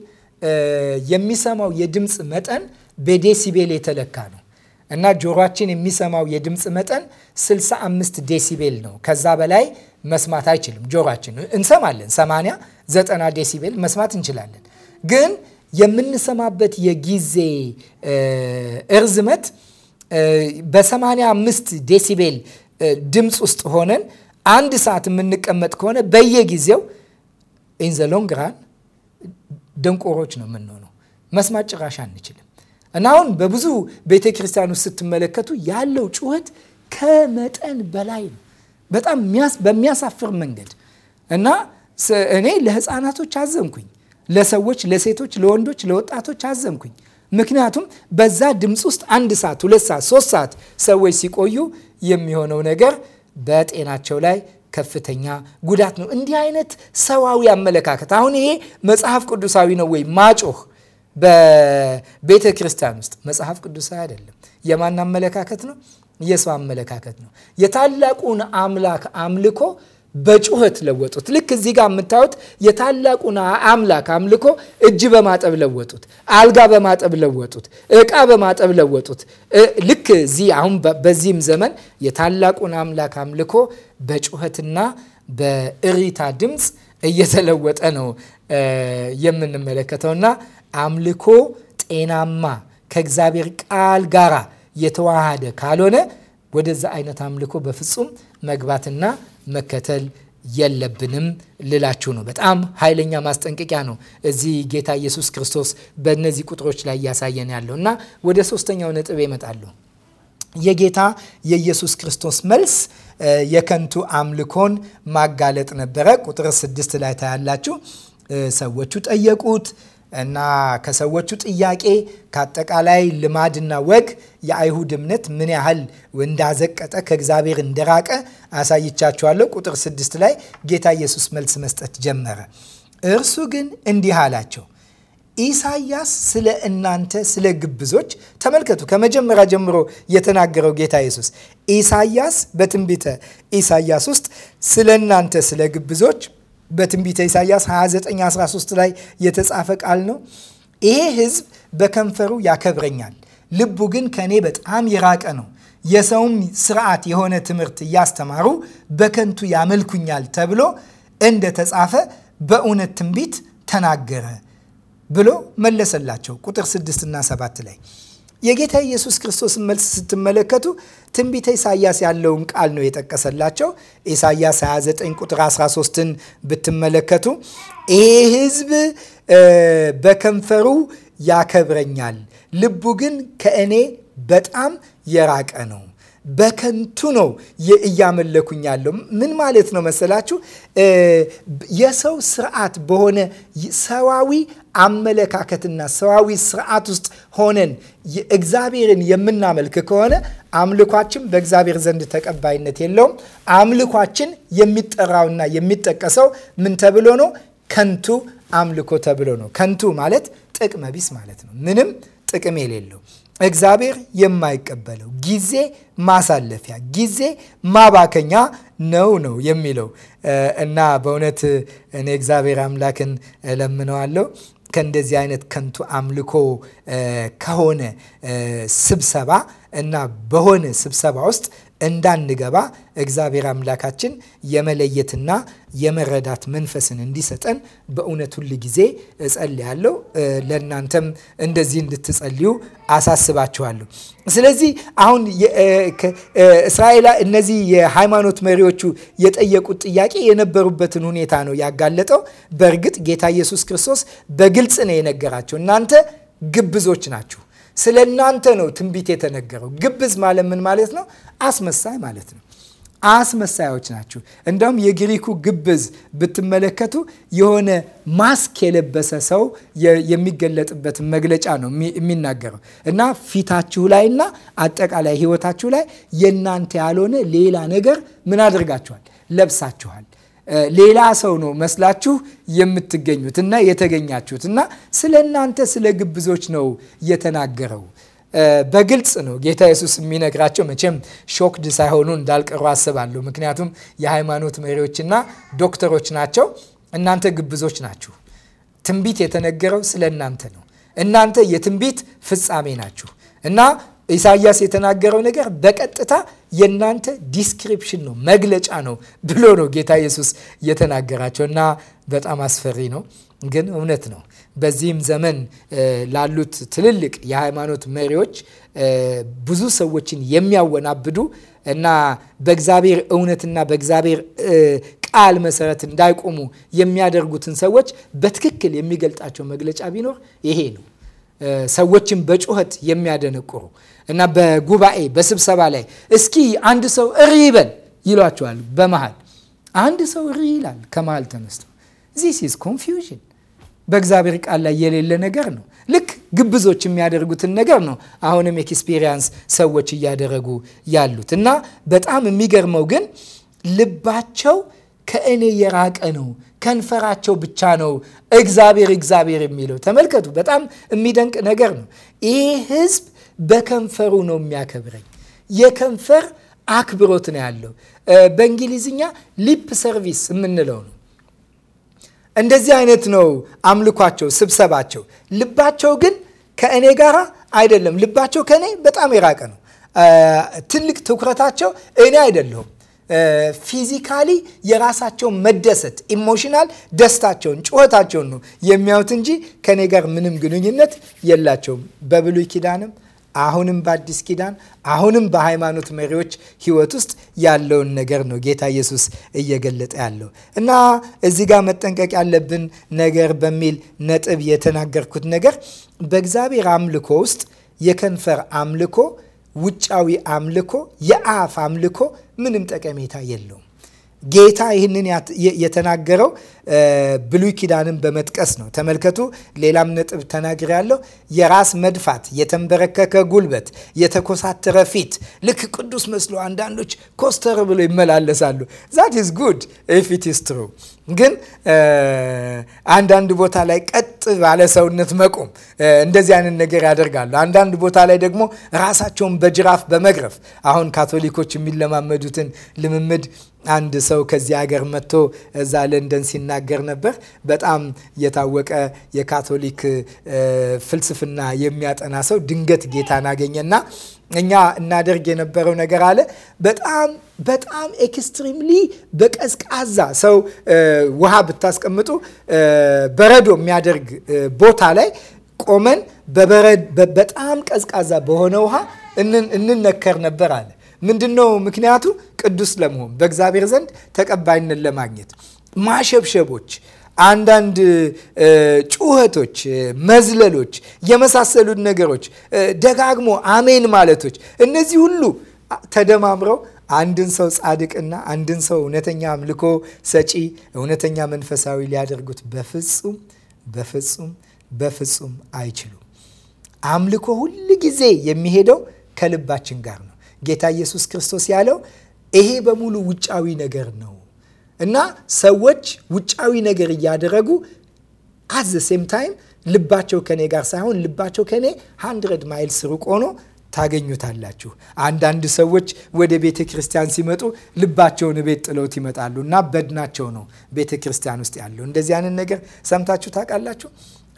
የሚሰማው የድምፅ መጠን በዴሲቤል የተለካ ነው እና ጆሮአችን የሚሰማው የድምፅ መጠን 65 ዴሲቤል ነው። ከዛ በላይ መስማት አይችልም። ጆሮአችን እንሰማለን፣ 80 90 ዴሲቤል መስማት እንችላለን ግን የምንሰማበት የጊዜ እርዝመት በ85 ዴሲቤል ድምፅ ውስጥ ሆነን አንድ ሰዓት የምንቀመጥ ከሆነ በየጊዜው ኢንዘ ሎንግ ራን ደንቆሮች ነው የምንሆነው። መስማት ጭራሽ አንችልም። እና አሁን በብዙ ቤተ ክርስቲያን ውስጥ ስትመለከቱ ያለው ጩኸት ከመጠን በላይ ነው፣ በጣም በሚያሳፍር መንገድ እና እኔ ለህፃናቶች አዘንኩኝ። ለሰዎች፣ ለሴቶች፣ ለወንዶች፣ ለወጣቶች አዘንኩኝ። ምክንያቱም በዛ ድምፅ ውስጥ አንድ ሰዓት፣ ሁለት ሰዓት፣ ሶስት ሰዓት ሰዎች ሲቆዩ የሚሆነው ነገር በጤናቸው ላይ ከፍተኛ ጉዳት ነው። እንዲህ አይነት ሰዋዊ አመለካከት አሁን ይሄ መጽሐፍ ቅዱሳዊ ነው ወይ? ማጮህ በቤተ ክርስቲያን ውስጥ መጽሐፍ ቅዱሳዊ አይደለም። የማን አመለካከት ነው? የሰው አመለካከት ነው። የታላቁን አምላክ አምልኮ በጩኸት ለወጡት። ልክ እዚህ ጋር የምታዩት የታላቁን አምላክ አምልኮ እጅ በማጠብ ለወጡት፣ አልጋ በማጠብ ለወጡት፣ እቃ በማጠብ ለወጡት። ልክ እዚህ አሁን በዚህም ዘመን የታላቁን አምላክ አምልኮ በጩኸትና በእሪታ ድምፅ እየተለወጠ ነው የምንመለከተውና አምልኮ ጤናማ ከእግዚአብሔር ቃል ጋራ የተዋሃደ ካልሆነ ወደዛ አይነት አምልኮ በፍጹም መግባትና መከተል የለብንም ልላችሁ ነው። በጣም ኃይለኛ ማስጠንቀቂያ ነው እዚህ ጌታ ኢየሱስ ክርስቶስ በእነዚህ ቁጥሮች ላይ እያሳየን ያለው እና ወደ ሶስተኛው ነጥብ ይመጣሉ። የጌታ የኢየሱስ ክርስቶስ መልስ የከንቱ አምልኮን ማጋለጥ ነበረ። ቁጥር ስድስት ላይ ታያላችሁ። ሰዎቹ ጠየቁት እና ከሰዎቹ ጥያቄ ከአጠቃላይ ልማድና ወግ የአይሁድ እምነት ምን ያህል እንዳዘቀጠ ከእግዚአብሔር እንደራቀ አሳይቻችኋለሁ። ቁጥር ስድስት ላይ ጌታ ኢየሱስ መልስ መስጠት ጀመረ። እርሱ ግን እንዲህ አላቸው ኢሳያስ ስለ እናንተ ስለ ግብዞች ተመልከቱ። ከመጀመሪያ ጀምሮ የተናገረው ጌታ ኢየሱስ ኢሳያስ በትንቢተ ኢሳያስ ውስጥ ስለ እናንተ ስለ ግብዞች በትንቢተ ኢሳያስ 2913 ላይ የተጻፈ ቃል ነው። ይሄ ህዝብ በከንፈሩ ያከብረኛል፣ ልቡ ግን ከእኔ በጣም የራቀ ነው። የሰውም ስርዓት የሆነ ትምህርት እያስተማሩ በከንቱ ያመልኩኛል ተብሎ እንደ ተጻፈ በእውነት ትንቢት ተናገረ ብሎ መለሰላቸው። ቁጥር 6 እና 7 ላይ የጌታ ኢየሱስ ክርስቶስን መልስ ስትመለከቱ ትንቢተ ኢሳያስ ያለውን ቃል ነው የጠቀሰላቸው። ኢሳያስ 29 ቁጥር 13ን ብትመለከቱ ይሄ ሕዝብ በከንፈሩ ያከብረኛል፣ ልቡ ግን ከእኔ በጣም የራቀ ነው በከንቱ ነው እያመለኩኝ ያለው። ምን ማለት ነው መሰላችሁ? የሰው ስርዓት በሆነ ሰዋዊ አመለካከትና ሰዋዊ ስርዓት ውስጥ ሆነን እግዚአብሔርን የምናመልክ ከሆነ አምልኳችን በእግዚአብሔር ዘንድ ተቀባይነት የለውም። አምልኳችን የሚጠራውና የሚጠቀሰው ምን ተብሎ ነው? ከንቱ አምልኮ ተብሎ ነው። ከንቱ ማለት ጥቅመ ቢስ ማለት ነው። ምንም ጥቅም የሌለው እግዚአብሔር የማይቀበለው ጊዜ ማሳለፊያ ጊዜ ማባከኛ ነው ነው የሚለው እና በእውነት እኔ እግዚአብሔር አምላክን እለምነዋለሁ ከእንደዚህ አይነት ከንቱ አምልኮ ከሆነ ስብሰባ እና በሆነ ስብሰባ ውስጥ እንዳንገባ እግዚአብሔር አምላካችን የመለየትና የመረዳት መንፈስን እንዲሰጠን በእውነት ሁል ጊዜ እጸልያለሁ። ለእናንተም እንደዚህ እንድትጸልዩ አሳስባችኋለሁ። ስለዚህ አሁን እስራኤል እነዚህ የሃይማኖት መሪዎቹ የጠየቁት ጥያቄ የነበሩበትን ሁኔታ ነው ያጋለጠው። በእርግጥ ጌታ ኢየሱስ ክርስቶስ በግልጽ ነው የነገራቸው፣ እናንተ ግብዞች ናችሁ ስለ እናንተ ነው ትንቢት የተነገረው። ግብዝ ማለት ምን ማለት ነው? አስመሳይ ማለት ነው። አስመሳዮች ናችሁ። እንደውም የግሪኩ ግብዝ ብትመለከቱ የሆነ ማስክ የለበሰ ሰው የሚገለጥበት መግለጫ ነው የሚናገረው እና ፊታችሁ ላይና አጠቃላይ ሕይወታችሁ ላይ የእናንተ ያልሆነ ሌላ ነገር ምን አድርጋችኋል? ለብሳችኋል። ሌላ ሰው ነው መስላችሁ የምትገኙት እና የተገኛችሁት እና ስለ እናንተ ስለ ግብዞች ነው የተናገረው። በግልጽ ነው ጌታ የሱስ የሚነግራቸው። መቼም ሾክድ ሳይሆኑ እንዳልቀሩ አስባለሁ። ምክንያቱም የሃይማኖት መሪዎችና ዶክተሮች ናቸው። እናንተ ግብዞች ናችሁ። ትንቢት የተነገረው ስለ እናንተ ነው። እናንተ የትንቢት ፍጻሜ ናችሁ እና ኢሳያስ የተናገረው ነገር በቀጥታ የእናንተ ዲስክሪፕሽን ነው፣ መግለጫ ነው ብሎ ነው ጌታ ኢየሱስ የተናገራቸው እና በጣም አስፈሪ ነው፣ ግን እውነት ነው። በዚህም ዘመን ላሉት ትልልቅ የሃይማኖት መሪዎች ብዙ ሰዎችን የሚያወናብዱ እና በእግዚአብሔር እውነትና በእግዚአብሔር ቃል መሰረት እንዳይቆሙ የሚያደርጉትን ሰዎች በትክክል የሚገልጣቸው መግለጫ ቢኖር ይሄ ነው። ሰዎችን በጩኸት የሚያደነቁሩ እና በጉባኤ በስብሰባ ላይ እስኪ አንድ ሰው እሪ ይበል ይሏቸዋል። በመሃል አንድ ሰው እሪ ይላል ከመሃል ተነስቶ። ዚስ ኢዝ ኮንፊውዥን በእግዚአብሔር ቃል ላይ የሌለ ነገር ነው። ልክ ግብዞች የሚያደርጉትን ነገር ነው አሁንም ኤክስፒሪየንስ ሰዎች እያደረጉ ያሉት እና በጣም የሚገርመው ግን ልባቸው ከእኔ የራቀ ነው፣ ከንፈራቸው ብቻ ነው እግዚአብሔር እግዚአብሔር የሚለው። ተመልከቱ፣ በጣም የሚደንቅ ነገር ነው። ይህ ህዝብ በከንፈሩ ነው የሚያከብረኝ። የከንፈር አክብሮት ነው ያለው። በእንግሊዝኛ ሊፕ ሰርቪስ የምንለው ነው። እንደዚህ አይነት ነው አምልኳቸው፣ ስብሰባቸው። ልባቸው ግን ከእኔ ጋር አይደለም። ልባቸው ከእኔ በጣም የራቀ ነው። ትልቅ ትኩረታቸው እኔ አይደለሁም። ፊዚካሊ የራሳቸውን መደሰት ኢሞሽናል ደስታቸውን ጩኸታቸውን ነው የሚያዩት እንጂ ከእኔ ጋር ምንም ግንኙነት የላቸውም። በብሉይ ኪዳንም አሁንም በአዲስ ኪዳን አሁንም በሃይማኖት መሪዎች ህይወት ውስጥ ያለውን ነገር ነው ጌታ ኢየሱስ እየገለጠ ያለው እና እዚህ ጋር መጠንቀቅ ያለብን ነገር በሚል ነጥብ የተናገርኩት ነገር በእግዚአብሔር አምልኮ ውስጥ የከንፈር አምልኮ፣ ውጫዊ አምልኮ፣ የአፍ አምልኮ ምንም ጠቀሜታ የለውም። ጌታ ይህንን የተናገረው ብሉይ ኪዳንን በመጥቀስ ነው። ተመልከቱ፣ ሌላም ነጥብ ተናግር ያለው የራስ መድፋት፣ የተንበረከከ ጉልበት፣ የተኮሳተረ ፊት ልክ ቅዱስ መስሎ አንዳንዶች ኮስተር ብሎ ይመላለሳሉ። ዛት ኢዝ ጉድ ኢፍ ኢት ኢዝ ትሩ። ግን አንዳንድ ቦታ ላይ ቀጥ ባለ ሰውነት መቆም እንደዚህ አይነት ነገር ያደርጋሉ። አንዳንድ ቦታ ላይ ደግሞ ራሳቸውን በጅራፍ በመግረፍ አሁን ካቶሊኮች የሚለማመዱትን ልምምድ አንድ ሰው ከዚህ ሀገር መጥቶ እዛ ለንደን ሲና ሲናገር ነበር። በጣም የታወቀ የካቶሊክ ፍልስፍና የሚያጠና ሰው ድንገት ጌታን አገኘና እኛ እናደርግ የነበረው ነገር አለ። በጣም በጣም ኤክስትሪምሊ በቀዝቃዛ ሰው ውሃ ብታስቀምጡ በረዶ የሚያደርግ ቦታ ላይ ቆመን በጣም ቀዝቃዛ በሆነ ውሃ እንነከር ነበር አለ። ምንድን ነው ምክንያቱ? ቅዱስ ለመሆን በእግዚአብሔር ዘንድ ተቀባይነት ለማግኘት ማሸብሸቦች፣ አንዳንድ ጩኸቶች፣ መዝለሎች የመሳሰሉት ነገሮች ደጋግሞ አሜን ማለቶች እነዚህ ሁሉ ተደማምረው አንድን ሰው ጻድቅና አንድን ሰው እውነተኛ አምልኮ ሰጪ እውነተኛ መንፈሳዊ ሊያደርጉት በፍጹም በፍጹም በፍጹም አይችሉም። አምልኮ ሁል ጊዜ የሚሄደው ከልባችን ጋር ነው። ጌታ ኢየሱስ ክርስቶስ ያለው ይሄ በሙሉ ውጫዊ ነገር ነው እና ሰዎች ውጫዊ ነገር እያደረጉ አዘ ሴም ታይም ልባቸው ከኔ ጋር ሳይሆን ልባቸው ከኔ ሃንድረድ ማይልስ ሩቅ ሆኖ ታገኙታላችሁ። አንዳንድ ሰዎች ወደ ቤተ ክርስቲያን ሲመጡ ልባቸውን ቤት ጥለውት ይመጣሉ እና በድናቸው ነው ቤተ ክርስቲያን ውስጥ ያለው። እንደዚህ አይነት ነገር ሰምታችሁ ታውቃላችሁ?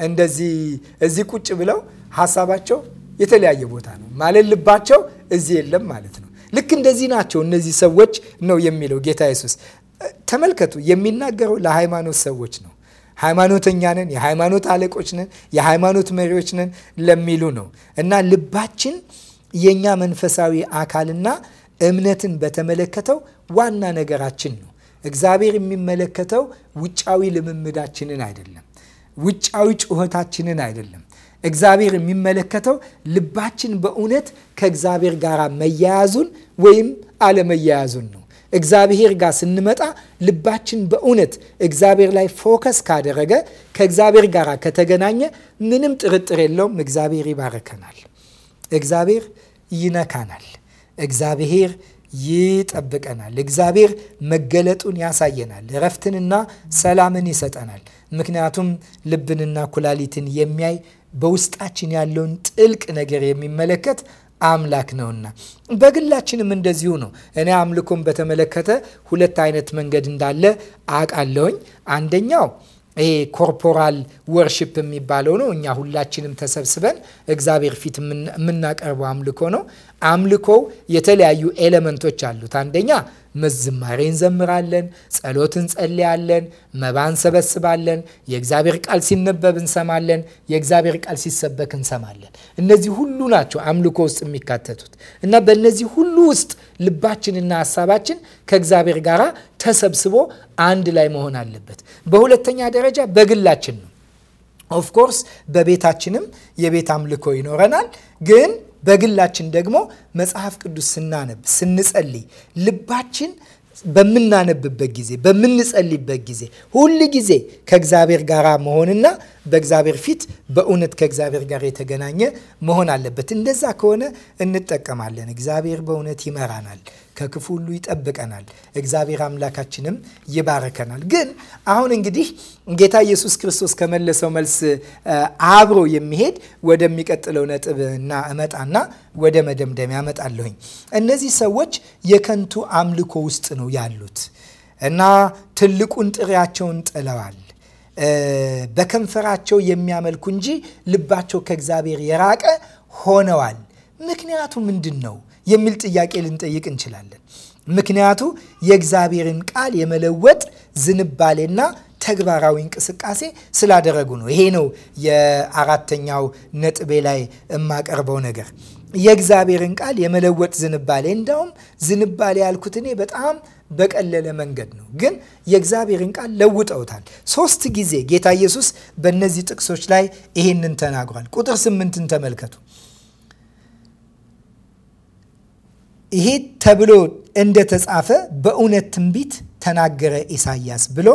እንደዚህ እዚህ ቁጭ ብለው ሀሳባቸው የተለያየ ቦታ ነው ማለት ልባቸው እዚህ የለም ማለት ነው። ልክ እንደዚህ ናቸው እነዚህ ሰዎች ነው የሚለው ጌታ ኢየሱስ። ተመልከቱ፣ የሚናገረው ለሃይማኖት ሰዎች ነው። ሃይማኖተኛ ነን፣ የሃይማኖት አለቆች ነን፣ የሃይማኖት መሪዎች ነን ለሚሉ ነው እና ልባችን የእኛ መንፈሳዊ አካልና እምነትን በተመለከተው ዋና ነገራችን ነው። እግዚአብሔር የሚመለከተው ውጫዊ ልምምዳችንን አይደለም፣ ውጫዊ ጩኸታችንን አይደለም። እግዚአብሔር የሚመለከተው ልባችን በእውነት ከእግዚአብሔር ጋር መያያዙን ወይም አለመያያዙን ነው። እግዚአብሔር ጋር ስንመጣ ልባችን በእውነት እግዚአብሔር ላይ ፎከስ ካደረገ ከእግዚአብሔር ጋር ከተገናኘ ምንም ጥርጥር የለውም እግዚአብሔር ይባረከናል። እግዚአብሔር ይነካናል። እግዚአብሔር ይጠብቀናል። እግዚአብሔር መገለጡን ያሳየናል። እረፍትንና ሰላምን ይሰጠናል። ምክንያቱም ልብንና ኩላሊትን የሚያይ በውስጣችን ያለውን ጥልቅ ነገር የሚመለከት አምላክ ነውና በግላችንም እንደዚሁ ነው። እኔ አምልኮን በተመለከተ ሁለት አይነት መንገድ እንዳለ አውቃለሁኝ። አንደኛው ይሄ ኮርፖራል ወርሽፕ የሚባለው ነው። እኛ ሁላችንም ተሰብስበን እግዚአብሔር ፊት የምናቀርበው አምልኮ ነው። አምልኮው የተለያዩ ኤሌመንቶች አሉት። አንደኛ መዝማሬ እንዘምራለን፣ ጸሎት እንጸልያለን፣ መባ እንሰበስባለን፣ የእግዚአብሔር ቃል ሲነበብ እንሰማለን፣ የእግዚአብሔር ቃል ሲሰበክ እንሰማለን። እነዚህ ሁሉ ናቸው አምልኮ ውስጥ የሚካተቱት እና በእነዚህ ሁሉ ውስጥ ልባችንና ሀሳባችን ከእግዚአብሔር ጋር ተሰብስቦ አንድ ላይ መሆን አለበት። በሁለተኛ ደረጃ በግላችን ነው። ኦፍኮርስ በቤታችንም የቤት አምልኮ ይኖረናል ግን በግላችን ደግሞ መጽሐፍ ቅዱስ ስናነብ፣ ስንጸልይ ልባችን በምናነብበት ጊዜ በምንጸልይበት ጊዜ ሁል ጊዜ ከእግዚአብሔር ጋር መሆንና በእግዚአብሔር ፊት በእውነት ከእግዚአብሔር ጋር የተገናኘ መሆን አለበት። እንደዛ ከሆነ እንጠቀማለን። እግዚአብሔር በእውነት ይመራናል። ከክፉ ሁሉ ይጠብቀናል። እግዚአብሔር አምላካችንም ይባረከናል። ግን አሁን እንግዲህ ጌታ ኢየሱስ ክርስቶስ ከመለሰው መልስ አብሮ የሚሄድ ወደሚቀጥለው ነጥብ እና እመጣና ወደ መደምደሚያ እመጣለሁኝ። እነዚህ ሰዎች የከንቱ አምልኮ ውስጥ ነው ያሉት እና ትልቁን ጥሪያቸውን ጥለዋል። በከንፈራቸው የሚያመልኩ እንጂ ልባቸው ከእግዚአብሔር የራቀ ሆነዋል። ምክንያቱ ምንድን ነው? የሚል ጥያቄ ልንጠይቅ እንችላለን። ምክንያቱ የእግዚአብሔርን ቃል የመለወጥ ዝንባሌና ተግባራዊ እንቅስቃሴ ስላደረጉ ነው። ይሄ ነው የአራተኛው ነጥቤ ላይ የማቀርበው ነገር የእግዚአብሔርን ቃል የመለወጥ ዝንባሌ። እንዳውም ዝንባሌ ያልኩት እኔ በጣም በቀለለ መንገድ ነው፣ ግን የእግዚአብሔርን ቃል ለውጠውታል። ሶስት ጊዜ ጌታ ኢየሱስ በእነዚህ ጥቅሶች ላይ ይሄንን ተናግሯል። ቁጥር ስምንትን ተመልከቱ። ይሄ ተብሎ እንደተጻፈ በእውነት ትንቢት ተናገረ ኢሳያስ ብሎ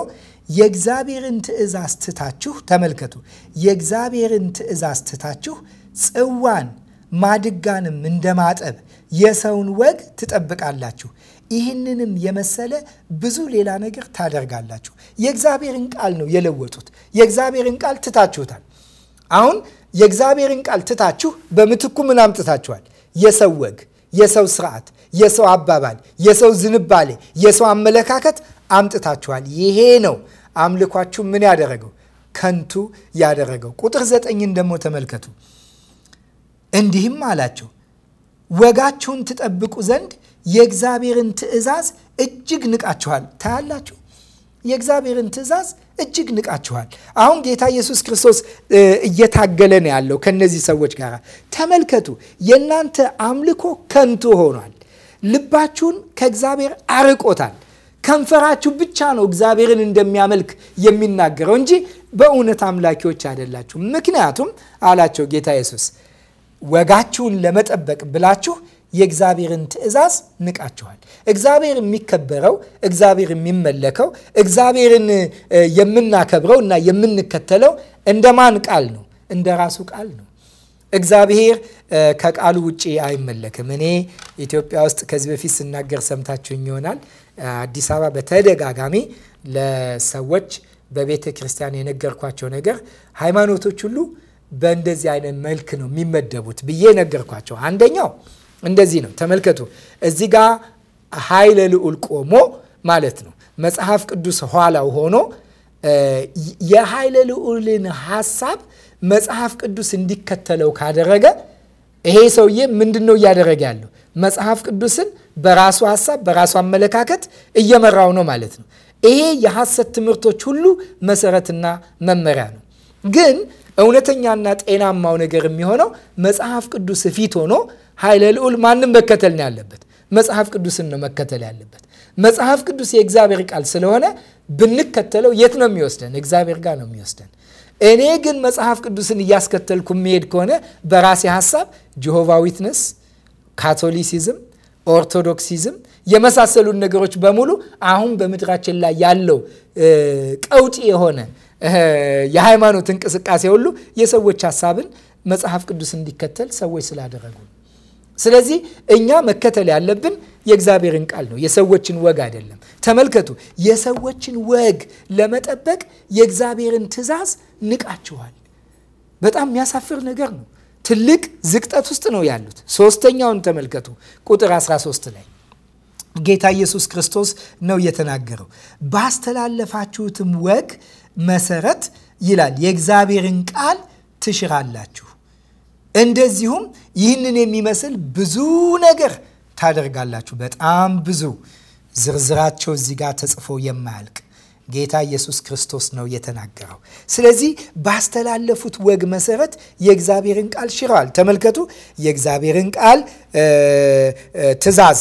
የእግዚአብሔርን ትእዛዝ ትታችሁ ተመልከቱ። የእግዚአብሔርን ትእዛዝ ትታችሁ ጽዋን ማድጋንም እንደማጠብ የሰውን ወግ ትጠብቃላችሁ፣ ይህንንም የመሰለ ብዙ ሌላ ነገር ታደርጋላችሁ። የእግዚአብሔርን ቃል ነው የለወጡት። የእግዚአብሔርን ቃል ትታችሁታል። አሁን የእግዚአብሔርን ቃል ትታችሁ በምትኩ ምን አምጥታችኋል? የሰው ወግ የሰው ስርዓት፣ የሰው አባባል፣ የሰው ዝንባሌ፣ የሰው አመለካከት አምጥታችኋል። ይሄ ነው አምልኳችሁ ምን ያደረገው ከንቱ ያደረገው። ቁጥር ዘጠኝን ደግሞ ተመልከቱ። እንዲህም አላቸው ወጋችሁን ትጠብቁ ዘንድ የእግዚአብሔርን ትእዛዝ እጅግ ንቃችኋል። ታያላችሁ የእግዚአብሔርን ትእዛዝ እጅግ ንቃችኋል። አሁን ጌታ ኢየሱስ ክርስቶስ እየታገለ ነው ያለው ከነዚህ ሰዎች ጋር። ተመልከቱ፣ የእናንተ አምልኮ ከንቱ ሆኗል። ልባችሁን ከእግዚአብሔር አርቆታል። ከንፈራችሁ ብቻ ነው እግዚአብሔርን እንደሚያመልክ የሚናገረው እንጂ በእውነት አምላኪዎች አይደላችሁ። ምክንያቱም አላቸው ጌታ ኢየሱስ ወጋችሁን ለመጠበቅ ብላችሁ የእግዚአብሔርን ትእዛዝ ንቃችኋል። እግዚአብሔር የሚከበረው እግዚአብሔር የሚመለከው እግዚአብሔርን የምናከብረው እና የምንከተለው እንደማን ቃል ነው? እንደ ራሱ ቃል ነው። እግዚአብሔር ከቃሉ ውጭ አይመለክም። እኔ ኢትዮጵያ ውስጥ ከዚህ በፊት ስናገር ሰምታችሁኝ ይሆናል። አዲስ አበባ በተደጋጋሚ ለሰዎች በቤተ ክርስቲያን የነገርኳቸው ነገር ሃይማኖቶች ሁሉ በእንደዚህ አይነት መልክ ነው የሚመደቡት ብዬ ነገርኳቸው። አንደኛው እንደዚህ ነው። ተመልከቱ እዚህ ጋ ኃይለ ልዑል ቆሞ ማለት ነው። መጽሐፍ ቅዱስ ኋላው ሆኖ የኃይለ ልዑልን ሀሳብ መጽሐፍ ቅዱስ እንዲከተለው ካደረገ ይሄ ሰውዬ ምንድን ነው እያደረገ ያለው? መጽሐፍ ቅዱስን በራሱ ሀሳብ በራሱ አመለካከት እየመራው ነው ማለት ነው። ይሄ የሐሰት ትምህርቶች ሁሉ መሰረትና መመሪያ ነው። ግን እውነተኛና ጤናማው ነገር የሚሆነው መጽሐፍ ቅዱስ ፊት ሆኖ ኃይለ ልዑል ማንም መከተል ነው ያለበት? መጽሐፍ ቅዱስን ነው መከተል ያለበት። መጽሐፍ ቅዱስ የእግዚአብሔር ቃል ስለሆነ ብንከተለው የት ነው የሚወስደን? እግዚአብሔር ጋር ነው የሚወስደን። እኔ ግን መጽሐፍ ቅዱስን እያስከተልኩ የሚሄድ ከሆነ በራሴ ሀሳብ ጆሆቫ ዊትነስ፣ ካቶሊሲዝም፣ ኦርቶዶክሲዝም የመሳሰሉን ነገሮች በሙሉ አሁን በምድራችን ላይ ያለው ቀውጢ የሆነ የሃይማኖት እንቅስቃሴ ሁሉ የሰዎች ሀሳብን መጽሐፍ ቅዱስ እንዲከተል ሰዎች ስላደረጉ ስለዚህ እኛ መከተል ያለብን የእግዚአብሔርን ቃል ነው፣ የሰዎችን ወግ አይደለም። ተመልከቱ፣ የሰዎችን ወግ ለመጠበቅ የእግዚአብሔርን ትእዛዝ ንቃችኋል። በጣም የሚያሳፍር ነገር ነው። ትልቅ ዝቅጠት ውስጥ ነው ያሉት። ሶስተኛውን ተመልከቱ፣ ቁጥር 13 ላይ ጌታ ኢየሱስ ክርስቶስ ነው የተናገረው። ባስተላለፋችሁትም ወግ መሰረት ይላል የእግዚአብሔርን ቃል ትሽራላችሁ እንደዚሁም ይህንን የሚመስል ብዙ ነገር ታደርጋላችሁ። በጣም ብዙ ዝርዝራቸው እዚህ ጋር ተጽፎ የማያልቅ ጌታ ኢየሱስ ክርስቶስ ነው የተናገረው። ስለዚህ ባስተላለፉት ወግ መሰረት የእግዚአብሔርን ቃል ሽረዋል። ተመልከቱ፣ የእግዚአብሔርን ቃል ትእዛዝ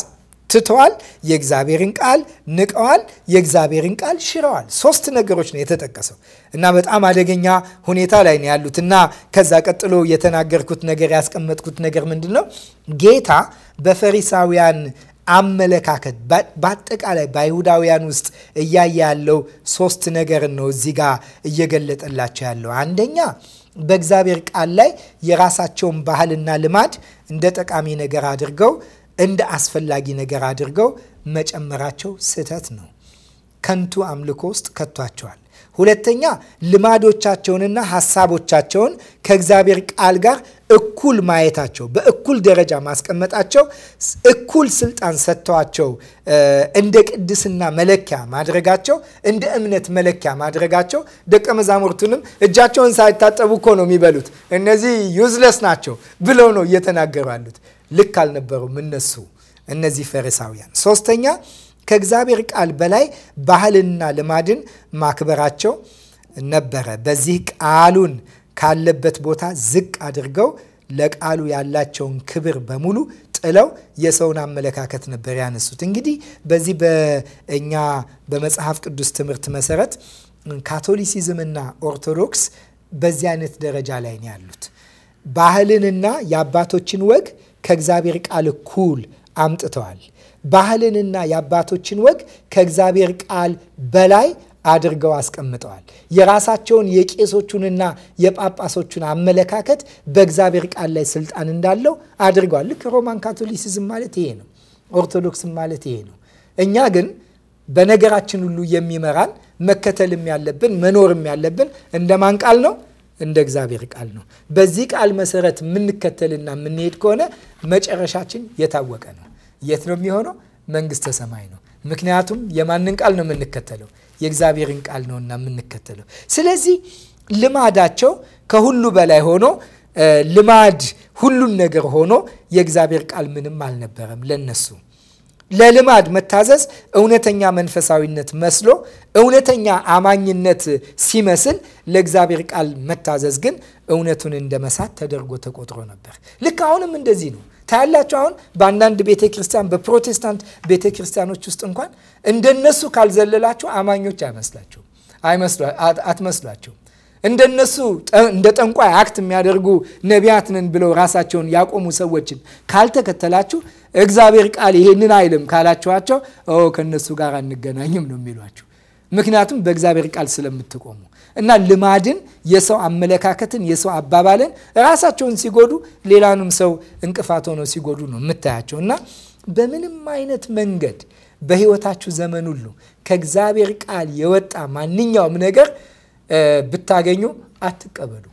ትተዋል፣ የእግዚአብሔርን ቃል ንቀዋል፣ የእግዚአብሔርን ቃል ሽረዋል። ሶስት ነገሮች ነው የተጠቀሰው እና በጣም አደገኛ ሁኔታ ላይ ነው ያሉት እና ከዛ ቀጥሎ የተናገርኩት ነገር ያስቀመጥኩት ነገር ምንድን ነው? ጌታ በፈሪሳውያን አመለካከት በአጠቃላይ በአይሁዳውያን ውስጥ እያየ ያለው ሶስት ነገር ነው እዚህ ጋር እየገለጠላቸው ያለው አንደኛ በእግዚአብሔር ቃል ላይ የራሳቸውን ባህልና ልማድ እንደ ጠቃሚ ነገር አድርገው እንደ አስፈላጊ ነገር አድርገው መጨመራቸው ስህተት ነው። ከንቱ አምልኮ ውስጥ ከቷቸዋል። ሁለተኛ ልማዶቻቸውንና ሀሳቦቻቸውን ከእግዚአብሔር ቃል ጋር እኩል ማየታቸው፣ በእኩል ደረጃ ማስቀመጣቸው፣ እኩል ስልጣን ሰጥተዋቸው እንደ ቅድስና መለኪያ ማድረጋቸው፣ እንደ እምነት መለኪያ ማድረጋቸው ደቀ መዛሙርቱንም እጃቸውን ሳይታጠቡ እኮ ነው የሚበሉት እነዚህ ዩዝለስ ናቸው ብለው ነው እየተናገሩ ያሉት። ልክ አልነበሩም እነሱ እነዚህ ፈሪሳውያን። ሶስተኛ ከእግዚአብሔር ቃል በላይ ባህልና ልማድን ማክበራቸው ነበረ። በዚህ ቃሉን ካለበት ቦታ ዝቅ አድርገው ለቃሉ ያላቸውን ክብር በሙሉ ጥለው የሰውን አመለካከት ነበር ያነሱት። እንግዲህ በዚህ በእኛ በመጽሐፍ ቅዱስ ትምህርት መሰረት ካቶሊሲዝምና ኦርቶዶክስ በዚህ አይነት ደረጃ ላይ ነው ያሉት። ባህልንና የአባቶችን ወግ ከእግዚአብሔር ቃል እኩል አምጥተዋል። ባህልንና የአባቶችን ወግ ከእግዚአብሔር ቃል በላይ አድርገው አስቀምጠዋል። የራሳቸውን የቄሶቹንና የጳጳሶቹን አመለካከት በእግዚአብሔር ቃል ላይ ስልጣን እንዳለው አድርገዋል። ልክ ሮማን ካቶሊሲዝም ማለት ይሄ ነው። ኦርቶዶክስም ማለት ይሄ ነው። እኛ ግን በነገራችን ሁሉ የሚመራን መከተልም ያለብን መኖርም ያለብን እንደማን ቃል ነው? እንደ እግዚአብሔር ቃል ነው። በዚህ ቃል መሰረት የምንከተልና የምንሄድ ከሆነ መጨረሻችን የታወቀ ነው። የት ነው የሚሆነው? መንግስተ ሰማይ ነው። ምክንያቱም የማንን ቃል ነው የምንከተለው? የእግዚአብሔርን ቃል ነውና የምንከተለው። ስለዚህ ልማዳቸው ከሁሉ በላይ ሆኖ ልማድ ሁሉን ነገር ሆኖ የእግዚአብሔር ቃል ምንም አልነበረም ለነሱ ለልማድ መታዘዝ እውነተኛ መንፈሳዊነት መስሎ እውነተኛ አማኝነት ሲመስል ለእግዚአብሔር ቃል መታዘዝ ግን እውነቱን እንደ መሳት ተደርጎ ተቆጥሮ ነበር። ልክ አሁንም እንደዚህ ነው። ታያላችሁ። አሁን በአንዳንድ ቤተ ክርስቲያን፣ በፕሮቴስታንት ቤተ ክርስቲያኖች ውስጥ እንኳን እንደነሱ ካልዘለላችሁ አማኞች አይመስላችሁም፣ አትመስሏችሁም። እንደነሱ እንደ ጠንቋይ አክት የሚያደርጉ ነቢያት ነን ብለው ራሳቸውን ያቆሙ ሰዎችን ካልተከተላችሁ እግዚአብሔር ቃል ይሄንን አይልም ካላችኋቸው ከእነሱ ጋር አንገናኝም ነው የሚሏችሁ። ምክንያቱም በእግዚአብሔር ቃል ስለምትቆሙ እና ልማድን፣ የሰው አመለካከትን፣ የሰው አባባልን ራሳቸውን ሲጎዱ ሌላንም ሰው እንቅፋት ሆነው ሲጎዱ ነው የምታያቸው እና በምንም አይነት መንገድ በህይወታችሁ ዘመን ሁሉ ከእግዚአብሔር ቃል የወጣ ማንኛውም ነገር ብታገኙ አትቀበሉ።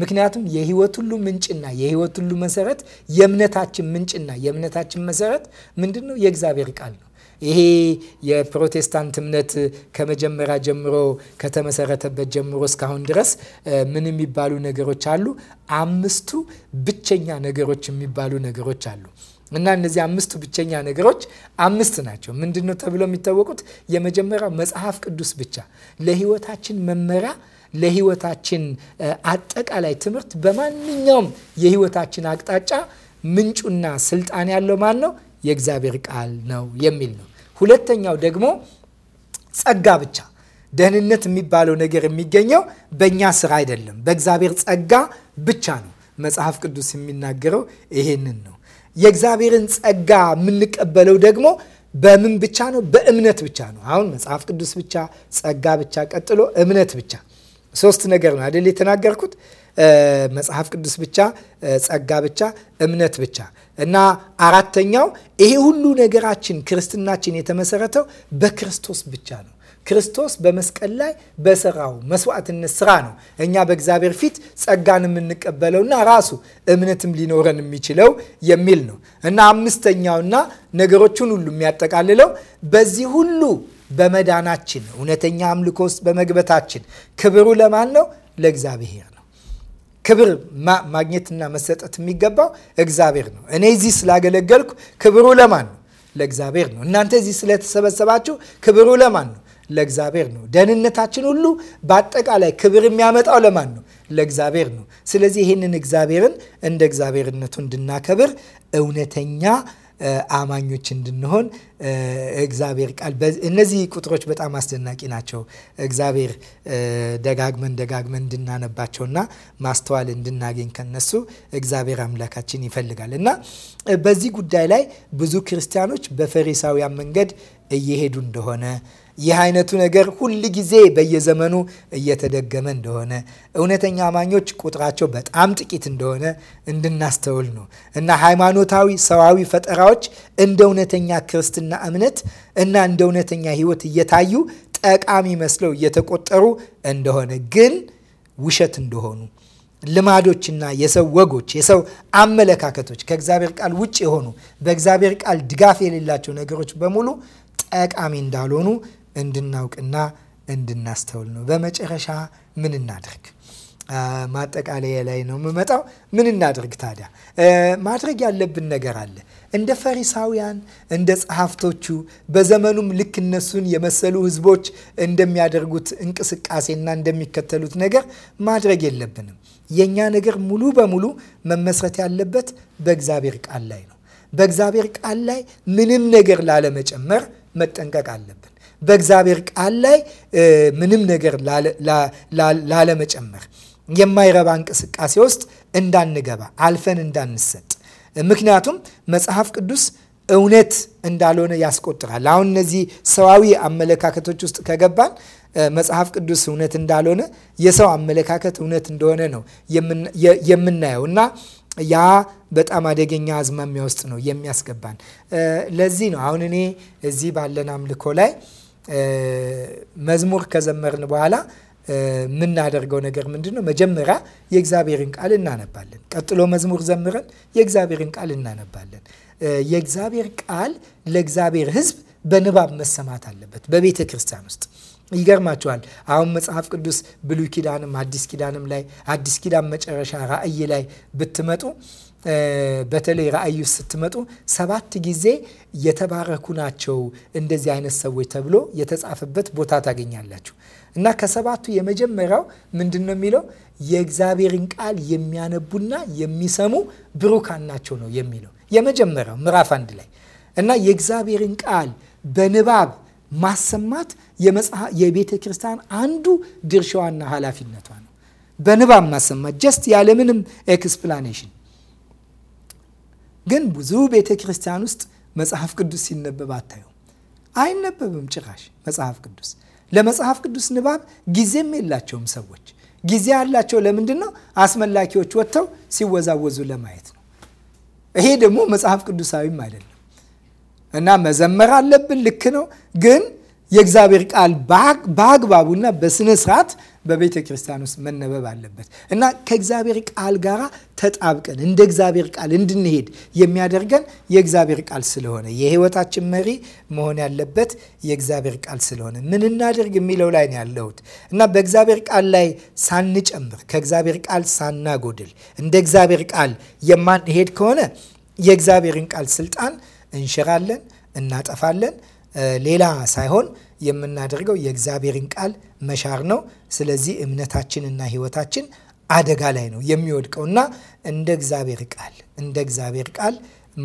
ምክንያቱም የህይወት ሁሉ ምንጭና የህይወት ሁሉ መሰረት የእምነታችን ምንጭና የእምነታችን መሰረት ምንድን ነው? የእግዚአብሔር ቃል ነው። ይሄ የፕሮቴስታንት እምነት ከመጀመሪያ ጀምሮ ከተመሰረተበት ጀምሮ እስካሁን ድረስ ምን የሚባሉ ነገሮች አሉ? አምስቱ ብቸኛ ነገሮች የሚባሉ ነገሮች አሉ። እና እነዚህ አምስቱ ብቸኛ ነገሮች አምስት ናቸው። ምንድን ነው ተብሎ የሚታወቁት? የመጀመሪያው መጽሐፍ ቅዱስ ብቻ ለህይወታችን መመሪያ፣ ለህይወታችን አጠቃላይ ትምህርት፣ በማንኛውም የህይወታችን አቅጣጫ ምንጩና ስልጣን ያለው ማን ነው? የእግዚአብሔር ቃል ነው የሚል ነው። ሁለተኛው ደግሞ ጸጋ ብቻ። ደህንነት የሚባለው ነገር የሚገኘው በእኛ ስራ አይደለም፣ በእግዚአብሔር ጸጋ ብቻ ነው። መጽሐፍ ቅዱስ የሚናገረው ይሄንን ነው። የእግዚአብሔርን ጸጋ የምንቀበለው ደግሞ በምን ብቻ ነው? በእምነት ብቻ ነው። አሁን መጽሐፍ ቅዱስ ብቻ፣ ጸጋ ብቻ፣ ቀጥሎ እምነት ብቻ። ሶስት ነገር ነው አደል የተናገርኩት? መጽሐፍ ቅዱስ ብቻ፣ ጸጋ ብቻ፣ እምነት ብቻ እና አራተኛው ይሄ ሁሉ ነገራችን ክርስትናችን የተመሰረተው በክርስቶስ ብቻ ነው። ክርስቶስ በመስቀል ላይ በሰራው መስዋዕትነት ስራ ነው እኛ በእግዚአብሔር ፊት ጸጋን የምንቀበለውና ራሱ እምነትም ሊኖረን የሚችለው የሚል ነው እና አምስተኛውና ነገሮችን ሁሉ የሚያጠቃልለው በዚህ ሁሉ በመዳናችን እውነተኛ አምልኮ ውስጥ በመግበታችን ክብሩ ለማን ነው? ለእግዚአብሔር ነው። ክብር ማግኘትና መሰጠት የሚገባው እግዚአብሔር ነው። እኔ እዚህ ስላገለገልኩ ክብሩ ለማን ነው? ለእግዚአብሔር ነው። እናንተ እዚህ ስለተሰበሰባችሁ ክብሩ ለማን ነው? ለእግዚአብሔር ነው። ደህንነታችን ሁሉ በአጠቃላይ ክብር የሚያመጣው ለማን ነው? ለእግዚአብሔር ነው። ስለዚህ ይህንን እግዚአብሔርን እንደ እግዚአብሔርነቱ እንድናከብር እውነተኛ አማኞች እንድንሆን እግዚአብሔር ቃል እነዚህ ቁጥሮች በጣም አስደናቂ ናቸው። እግዚአብሔር ደጋግመን ደጋግመን እንድናነባቸውና ማስተዋል እንድናገኝ ከነሱ እግዚአብሔር አምላካችን ይፈልጋል እና በዚህ ጉዳይ ላይ ብዙ ክርስቲያኖች በፈሪሳውያን መንገድ እየሄዱ እንደሆነ ይህ አይነቱ ነገር ሁል ጊዜ በየዘመኑ እየተደገመ እንደሆነ እውነተኛ አማኞች ቁጥራቸው በጣም ጥቂት እንደሆነ እንድናስተውል ነው እና ሃይማኖታዊ ሰዋዊ ፈጠራዎች እንደ እውነተኛ ክርስትና እምነት እና እንደ እውነተኛ ሕይወት እየታዩ ጠቃሚ መስለው እየተቆጠሩ እንደሆነ ግን ውሸት እንደሆኑ ልማዶችና የሰው ወጎች፣ የሰው አመለካከቶች ከእግዚአብሔር ቃል ውጭ የሆኑ በእግዚአብሔር ቃል ድጋፍ የሌላቸው ነገሮች በሙሉ ጠቃሚ እንዳልሆኑ እንድናውቅና እንድናስተውል ነው። በመጨረሻ ምን እናድርግ? ማጠቃለያ ላይ ነው የምመጣው። ምን እናድርግ ታዲያ? ማድረግ ያለብን ነገር አለ። እንደ ፈሪሳውያን፣ እንደ ጸሐፍቶቹ በዘመኑም ልክ እነሱን የመሰሉ ህዝቦች እንደሚያደርጉት እንቅስቃሴና እንደሚከተሉት ነገር ማድረግ የለብንም። የእኛ ነገር ሙሉ በሙሉ መመስረት ያለበት በእግዚአብሔር ቃል ላይ ነው። በእግዚአብሔር ቃል ላይ ምንም ነገር ላለመጨመር መጠንቀቅ አለብን። በእግዚአብሔር ቃል ላይ ምንም ነገር ላለመጨመር የማይረባ እንቅስቃሴ ውስጥ እንዳንገባ አልፈን እንዳንሰጥ። ምክንያቱም መጽሐፍ ቅዱስ እውነት እንዳልሆነ ያስቆጥራል። አሁን እነዚህ ሰዋዊ አመለካከቶች ውስጥ ከገባን መጽሐፍ ቅዱስ እውነት እንዳልሆነ፣ የሰው አመለካከት እውነት እንደሆነ ነው የምናየው እና ያ በጣም አደገኛ አዝማሚያ ውስጥ ነው የሚያስገባን። ለዚህ ነው አሁን እኔ እዚህ ባለን አምልኮ ላይ መዝሙር ከዘመርን በኋላ የምናደርገው ነገር ምንድን ነው? መጀመሪያ የእግዚአብሔርን ቃል እናነባለን። ቀጥሎ መዝሙር ዘምረን የእግዚአብሔርን ቃል እናነባለን። የእግዚአብሔር ቃል ለእግዚአብሔር ሕዝብ በንባብ መሰማት አለበት በቤተ ክርስቲያን ውስጥ ይገርማቸዋል። አሁን መጽሐፍ ቅዱስ ብሉይ ኪዳንም አዲስ ኪዳንም ላይ አዲስ ኪዳን መጨረሻ ራእይ ላይ ብትመጡ በተለይ ራእይ ውስጥ ስትመጡ ሰባት ጊዜ የተባረኩ ናቸው እንደዚህ አይነት ሰዎች ተብሎ የተጻፈበት ቦታ ታገኛላችሁ። እና ከሰባቱ የመጀመሪያው ምንድን ነው የሚለው የእግዚአብሔርን ቃል የሚያነቡና የሚሰሙ ብሩካን ናቸው ነው የሚለው የመጀመሪያው ምዕራፍ አንድ ላይ እና የእግዚአብሔርን ቃል በንባብ ማሰማት የቤተ ክርስቲያን አንዱ ድርሻዋና ኃላፊነቷ ነው። በንባብ ማሰማት ጀስት ያለምንም ኤክስፕላኔሽን ግን ብዙ ቤተ ክርስቲያን ውስጥ መጽሐፍ ቅዱስ ሲነበብ አታዩ። አይነበብም ጭራሽ መጽሐፍ ቅዱስ። ለመጽሐፍ ቅዱስ ንባብ ጊዜም የላቸውም ሰዎች። ጊዜ ያላቸው ለምንድን ነው? አስመላኪዎች ወጥተው ሲወዛወዙ ለማየት ነው። ይሄ ደግሞ መጽሐፍ ቅዱሳዊም አይደለም እና መዘመር አለብን። ልክ ነው ግን የእግዚአብሔር ቃል በአግባቡና በስነ ስርዓት በቤተ ክርስቲያን ውስጥ መነበብ አለበት እና ከእግዚአብሔር ቃል ጋር ተጣብቀን እንደ እግዚአብሔር ቃል እንድንሄድ የሚያደርገን የእግዚአብሔር ቃል ስለሆነ የህይወታችን መሪ መሆን ያለበት የእግዚአብሔር ቃል ስለሆነ ምን እናደርግ የሚለው ላይ ነው ያለሁት እና በእግዚአብሔር ቃል ላይ ሳንጨምር ከእግዚአብሔር ቃል ሳናጎድል እንደ እግዚአብሔር ቃል የማንሄድ ከሆነ የእግዚአብሔርን ቃል ስልጣን እንሽራለን፣ እናጠፋለን። ሌላ ሳይሆን የምናደርገው የእግዚአብሔርን ቃል መሻር ነው። ስለዚህ እምነታችንና ህይወታችን አደጋ ላይ ነው የሚወድቀው እና እንደ እግዚአብሔር ቃል እንደ እግዚአብሔር ቃል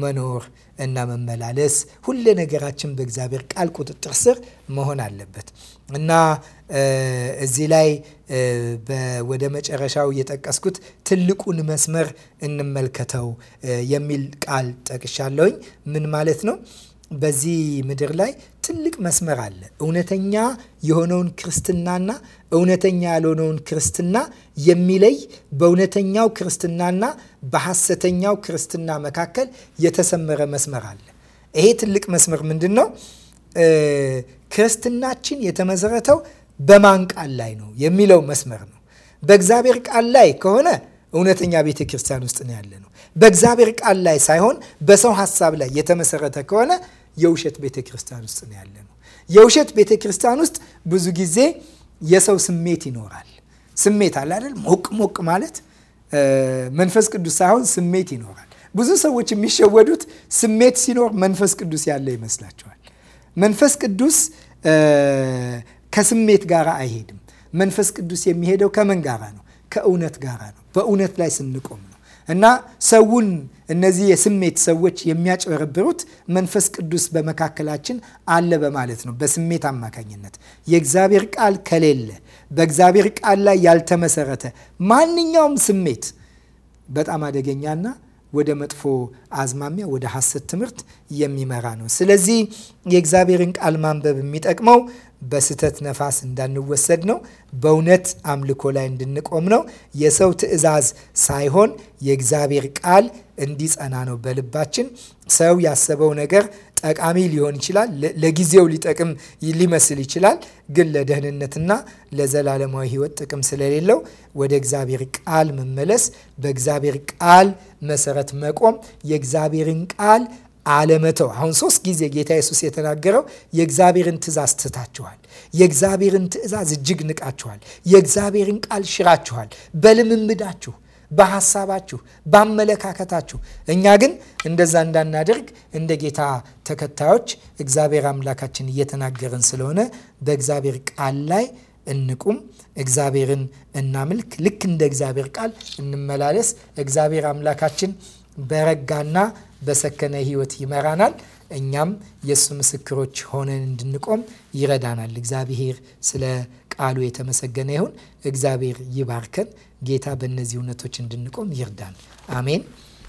መኖር እና መመላለስ ሁለ ነገራችን በእግዚአብሔር ቃል ቁጥጥር ስር መሆን አለበት እና እዚህ ላይ ወደ መጨረሻው የጠቀስኩት ትልቁን መስመር እንመልከተው የሚል ቃል ጠቅሻለሁኝ። ምን ማለት ነው? በዚህ ምድር ላይ ትልቅ መስመር አለ። እውነተኛ የሆነውን ክርስትናና እውነተኛ ያልሆነውን ክርስትና የሚለይ በእውነተኛው ክርስትናና በሐሰተኛው ክርስትና መካከል የተሰመረ መስመር አለ። ይሄ ትልቅ መስመር ምንድን ነው? ክርስትናችን የተመሰረተው በማን ቃል ላይ ነው የሚለው መስመር ነው። በእግዚአብሔር ቃል ላይ ከሆነ እውነተኛ ቤተ ክርስቲያን ውስጥ ነው ያለ ነው። በእግዚአብሔር ቃል ላይ ሳይሆን በሰው ሀሳብ ላይ የተመሰረተ ከሆነ የውሸት ቤተ ክርስቲያን ውስጥ ነው ያለ ነው። የውሸት ቤተ ክርስቲያን ውስጥ ብዙ ጊዜ የሰው ስሜት ይኖራል። ስሜት አለ አይደል? ሞቅ ሞቅ ማለት መንፈስ ቅዱስ ሳይሆን ስሜት ይኖራል። ብዙ ሰዎች የሚሸወዱት ስሜት ሲኖር መንፈስ ቅዱስ ያለ ይመስላቸዋል። መንፈስ ቅዱስ ከስሜት ጋር አይሄድም። መንፈስ ቅዱስ የሚሄደው ከምን ጋራ ነው? ከእውነት ጋራ ነው። በእውነት ላይ ስንቆም ነው እና ሰውን እነዚህ የስሜት ሰዎች የሚያጭበረብሩት መንፈስ ቅዱስ በመካከላችን አለ በማለት ነው። በስሜት አማካኝነት የእግዚአብሔር ቃል ከሌለ በእግዚአብሔር ቃል ላይ ያልተመሰረተ ማንኛውም ስሜት በጣም አደገኛና ወደ መጥፎ አዝማሚያ ወደ ሐሰት ትምህርት የሚመራ ነው። ስለዚህ የእግዚአብሔርን ቃል ማንበብ የሚጠቅመው በስህተት ነፋስ እንዳንወሰድ ነው። በእውነት አምልኮ ላይ እንድንቆም ነው። የሰው ትእዛዝ ሳይሆን የእግዚአብሔር ቃል እንዲጸና ነው በልባችን። ሰው ያሰበው ነገር ጠቃሚ ሊሆን ይችላል። ለጊዜው ሊጠቅም ሊመስል ይችላል። ግን ለደህንነትና ለዘላለማዊ ሕይወት ጥቅም ስለሌለው ወደ እግዚአብሔር ቃል መመለስ፣ በእግዚአብሔር ቃል መሰረት መቆም፣ የእግዚአብሔርን ቃል አለመተው አሁን ሶስት ጊዜ ጌታ ኢየሱስ የተናገረው የእግዚአብሔርን ትእዛዝ ትታችኋል፣ የእግዚአብሔርን ትእዛዝ እጅግ ንቃችኋል፣ የእግዚአብሔርን ቃል ሽራችኋል በልምምዳችሁ በሀሳባችሁ በአመለካከታችሁ። እኛ ግን እንደዛ እንዳናደርግ እንደ ጌታ ተከታዮች እግዚአብሔር አምላካችን እየተናገረን ስለሆነ በእግዚአብሔር ቃል ላይ እንቁም። እግዚአብሔርን እናምልክ። ልክ እንደ እግዚአብሔር ቃል እንመላለስ። እግዚአብሔር አምላካችን በረጋና በሰከነ ህይወት ይመራናል። እኛም የእሱ ምስክሮች ሆነን እንድንቆም ይረዳናል። እግዚአብሔር ስለ ቃሉ የተመሰገነ ይሁን። እግዚአብሔር ይባርከን። ጌታ በእነዚህ እውነቶች እንድንቆም ይርዳን። አሜን።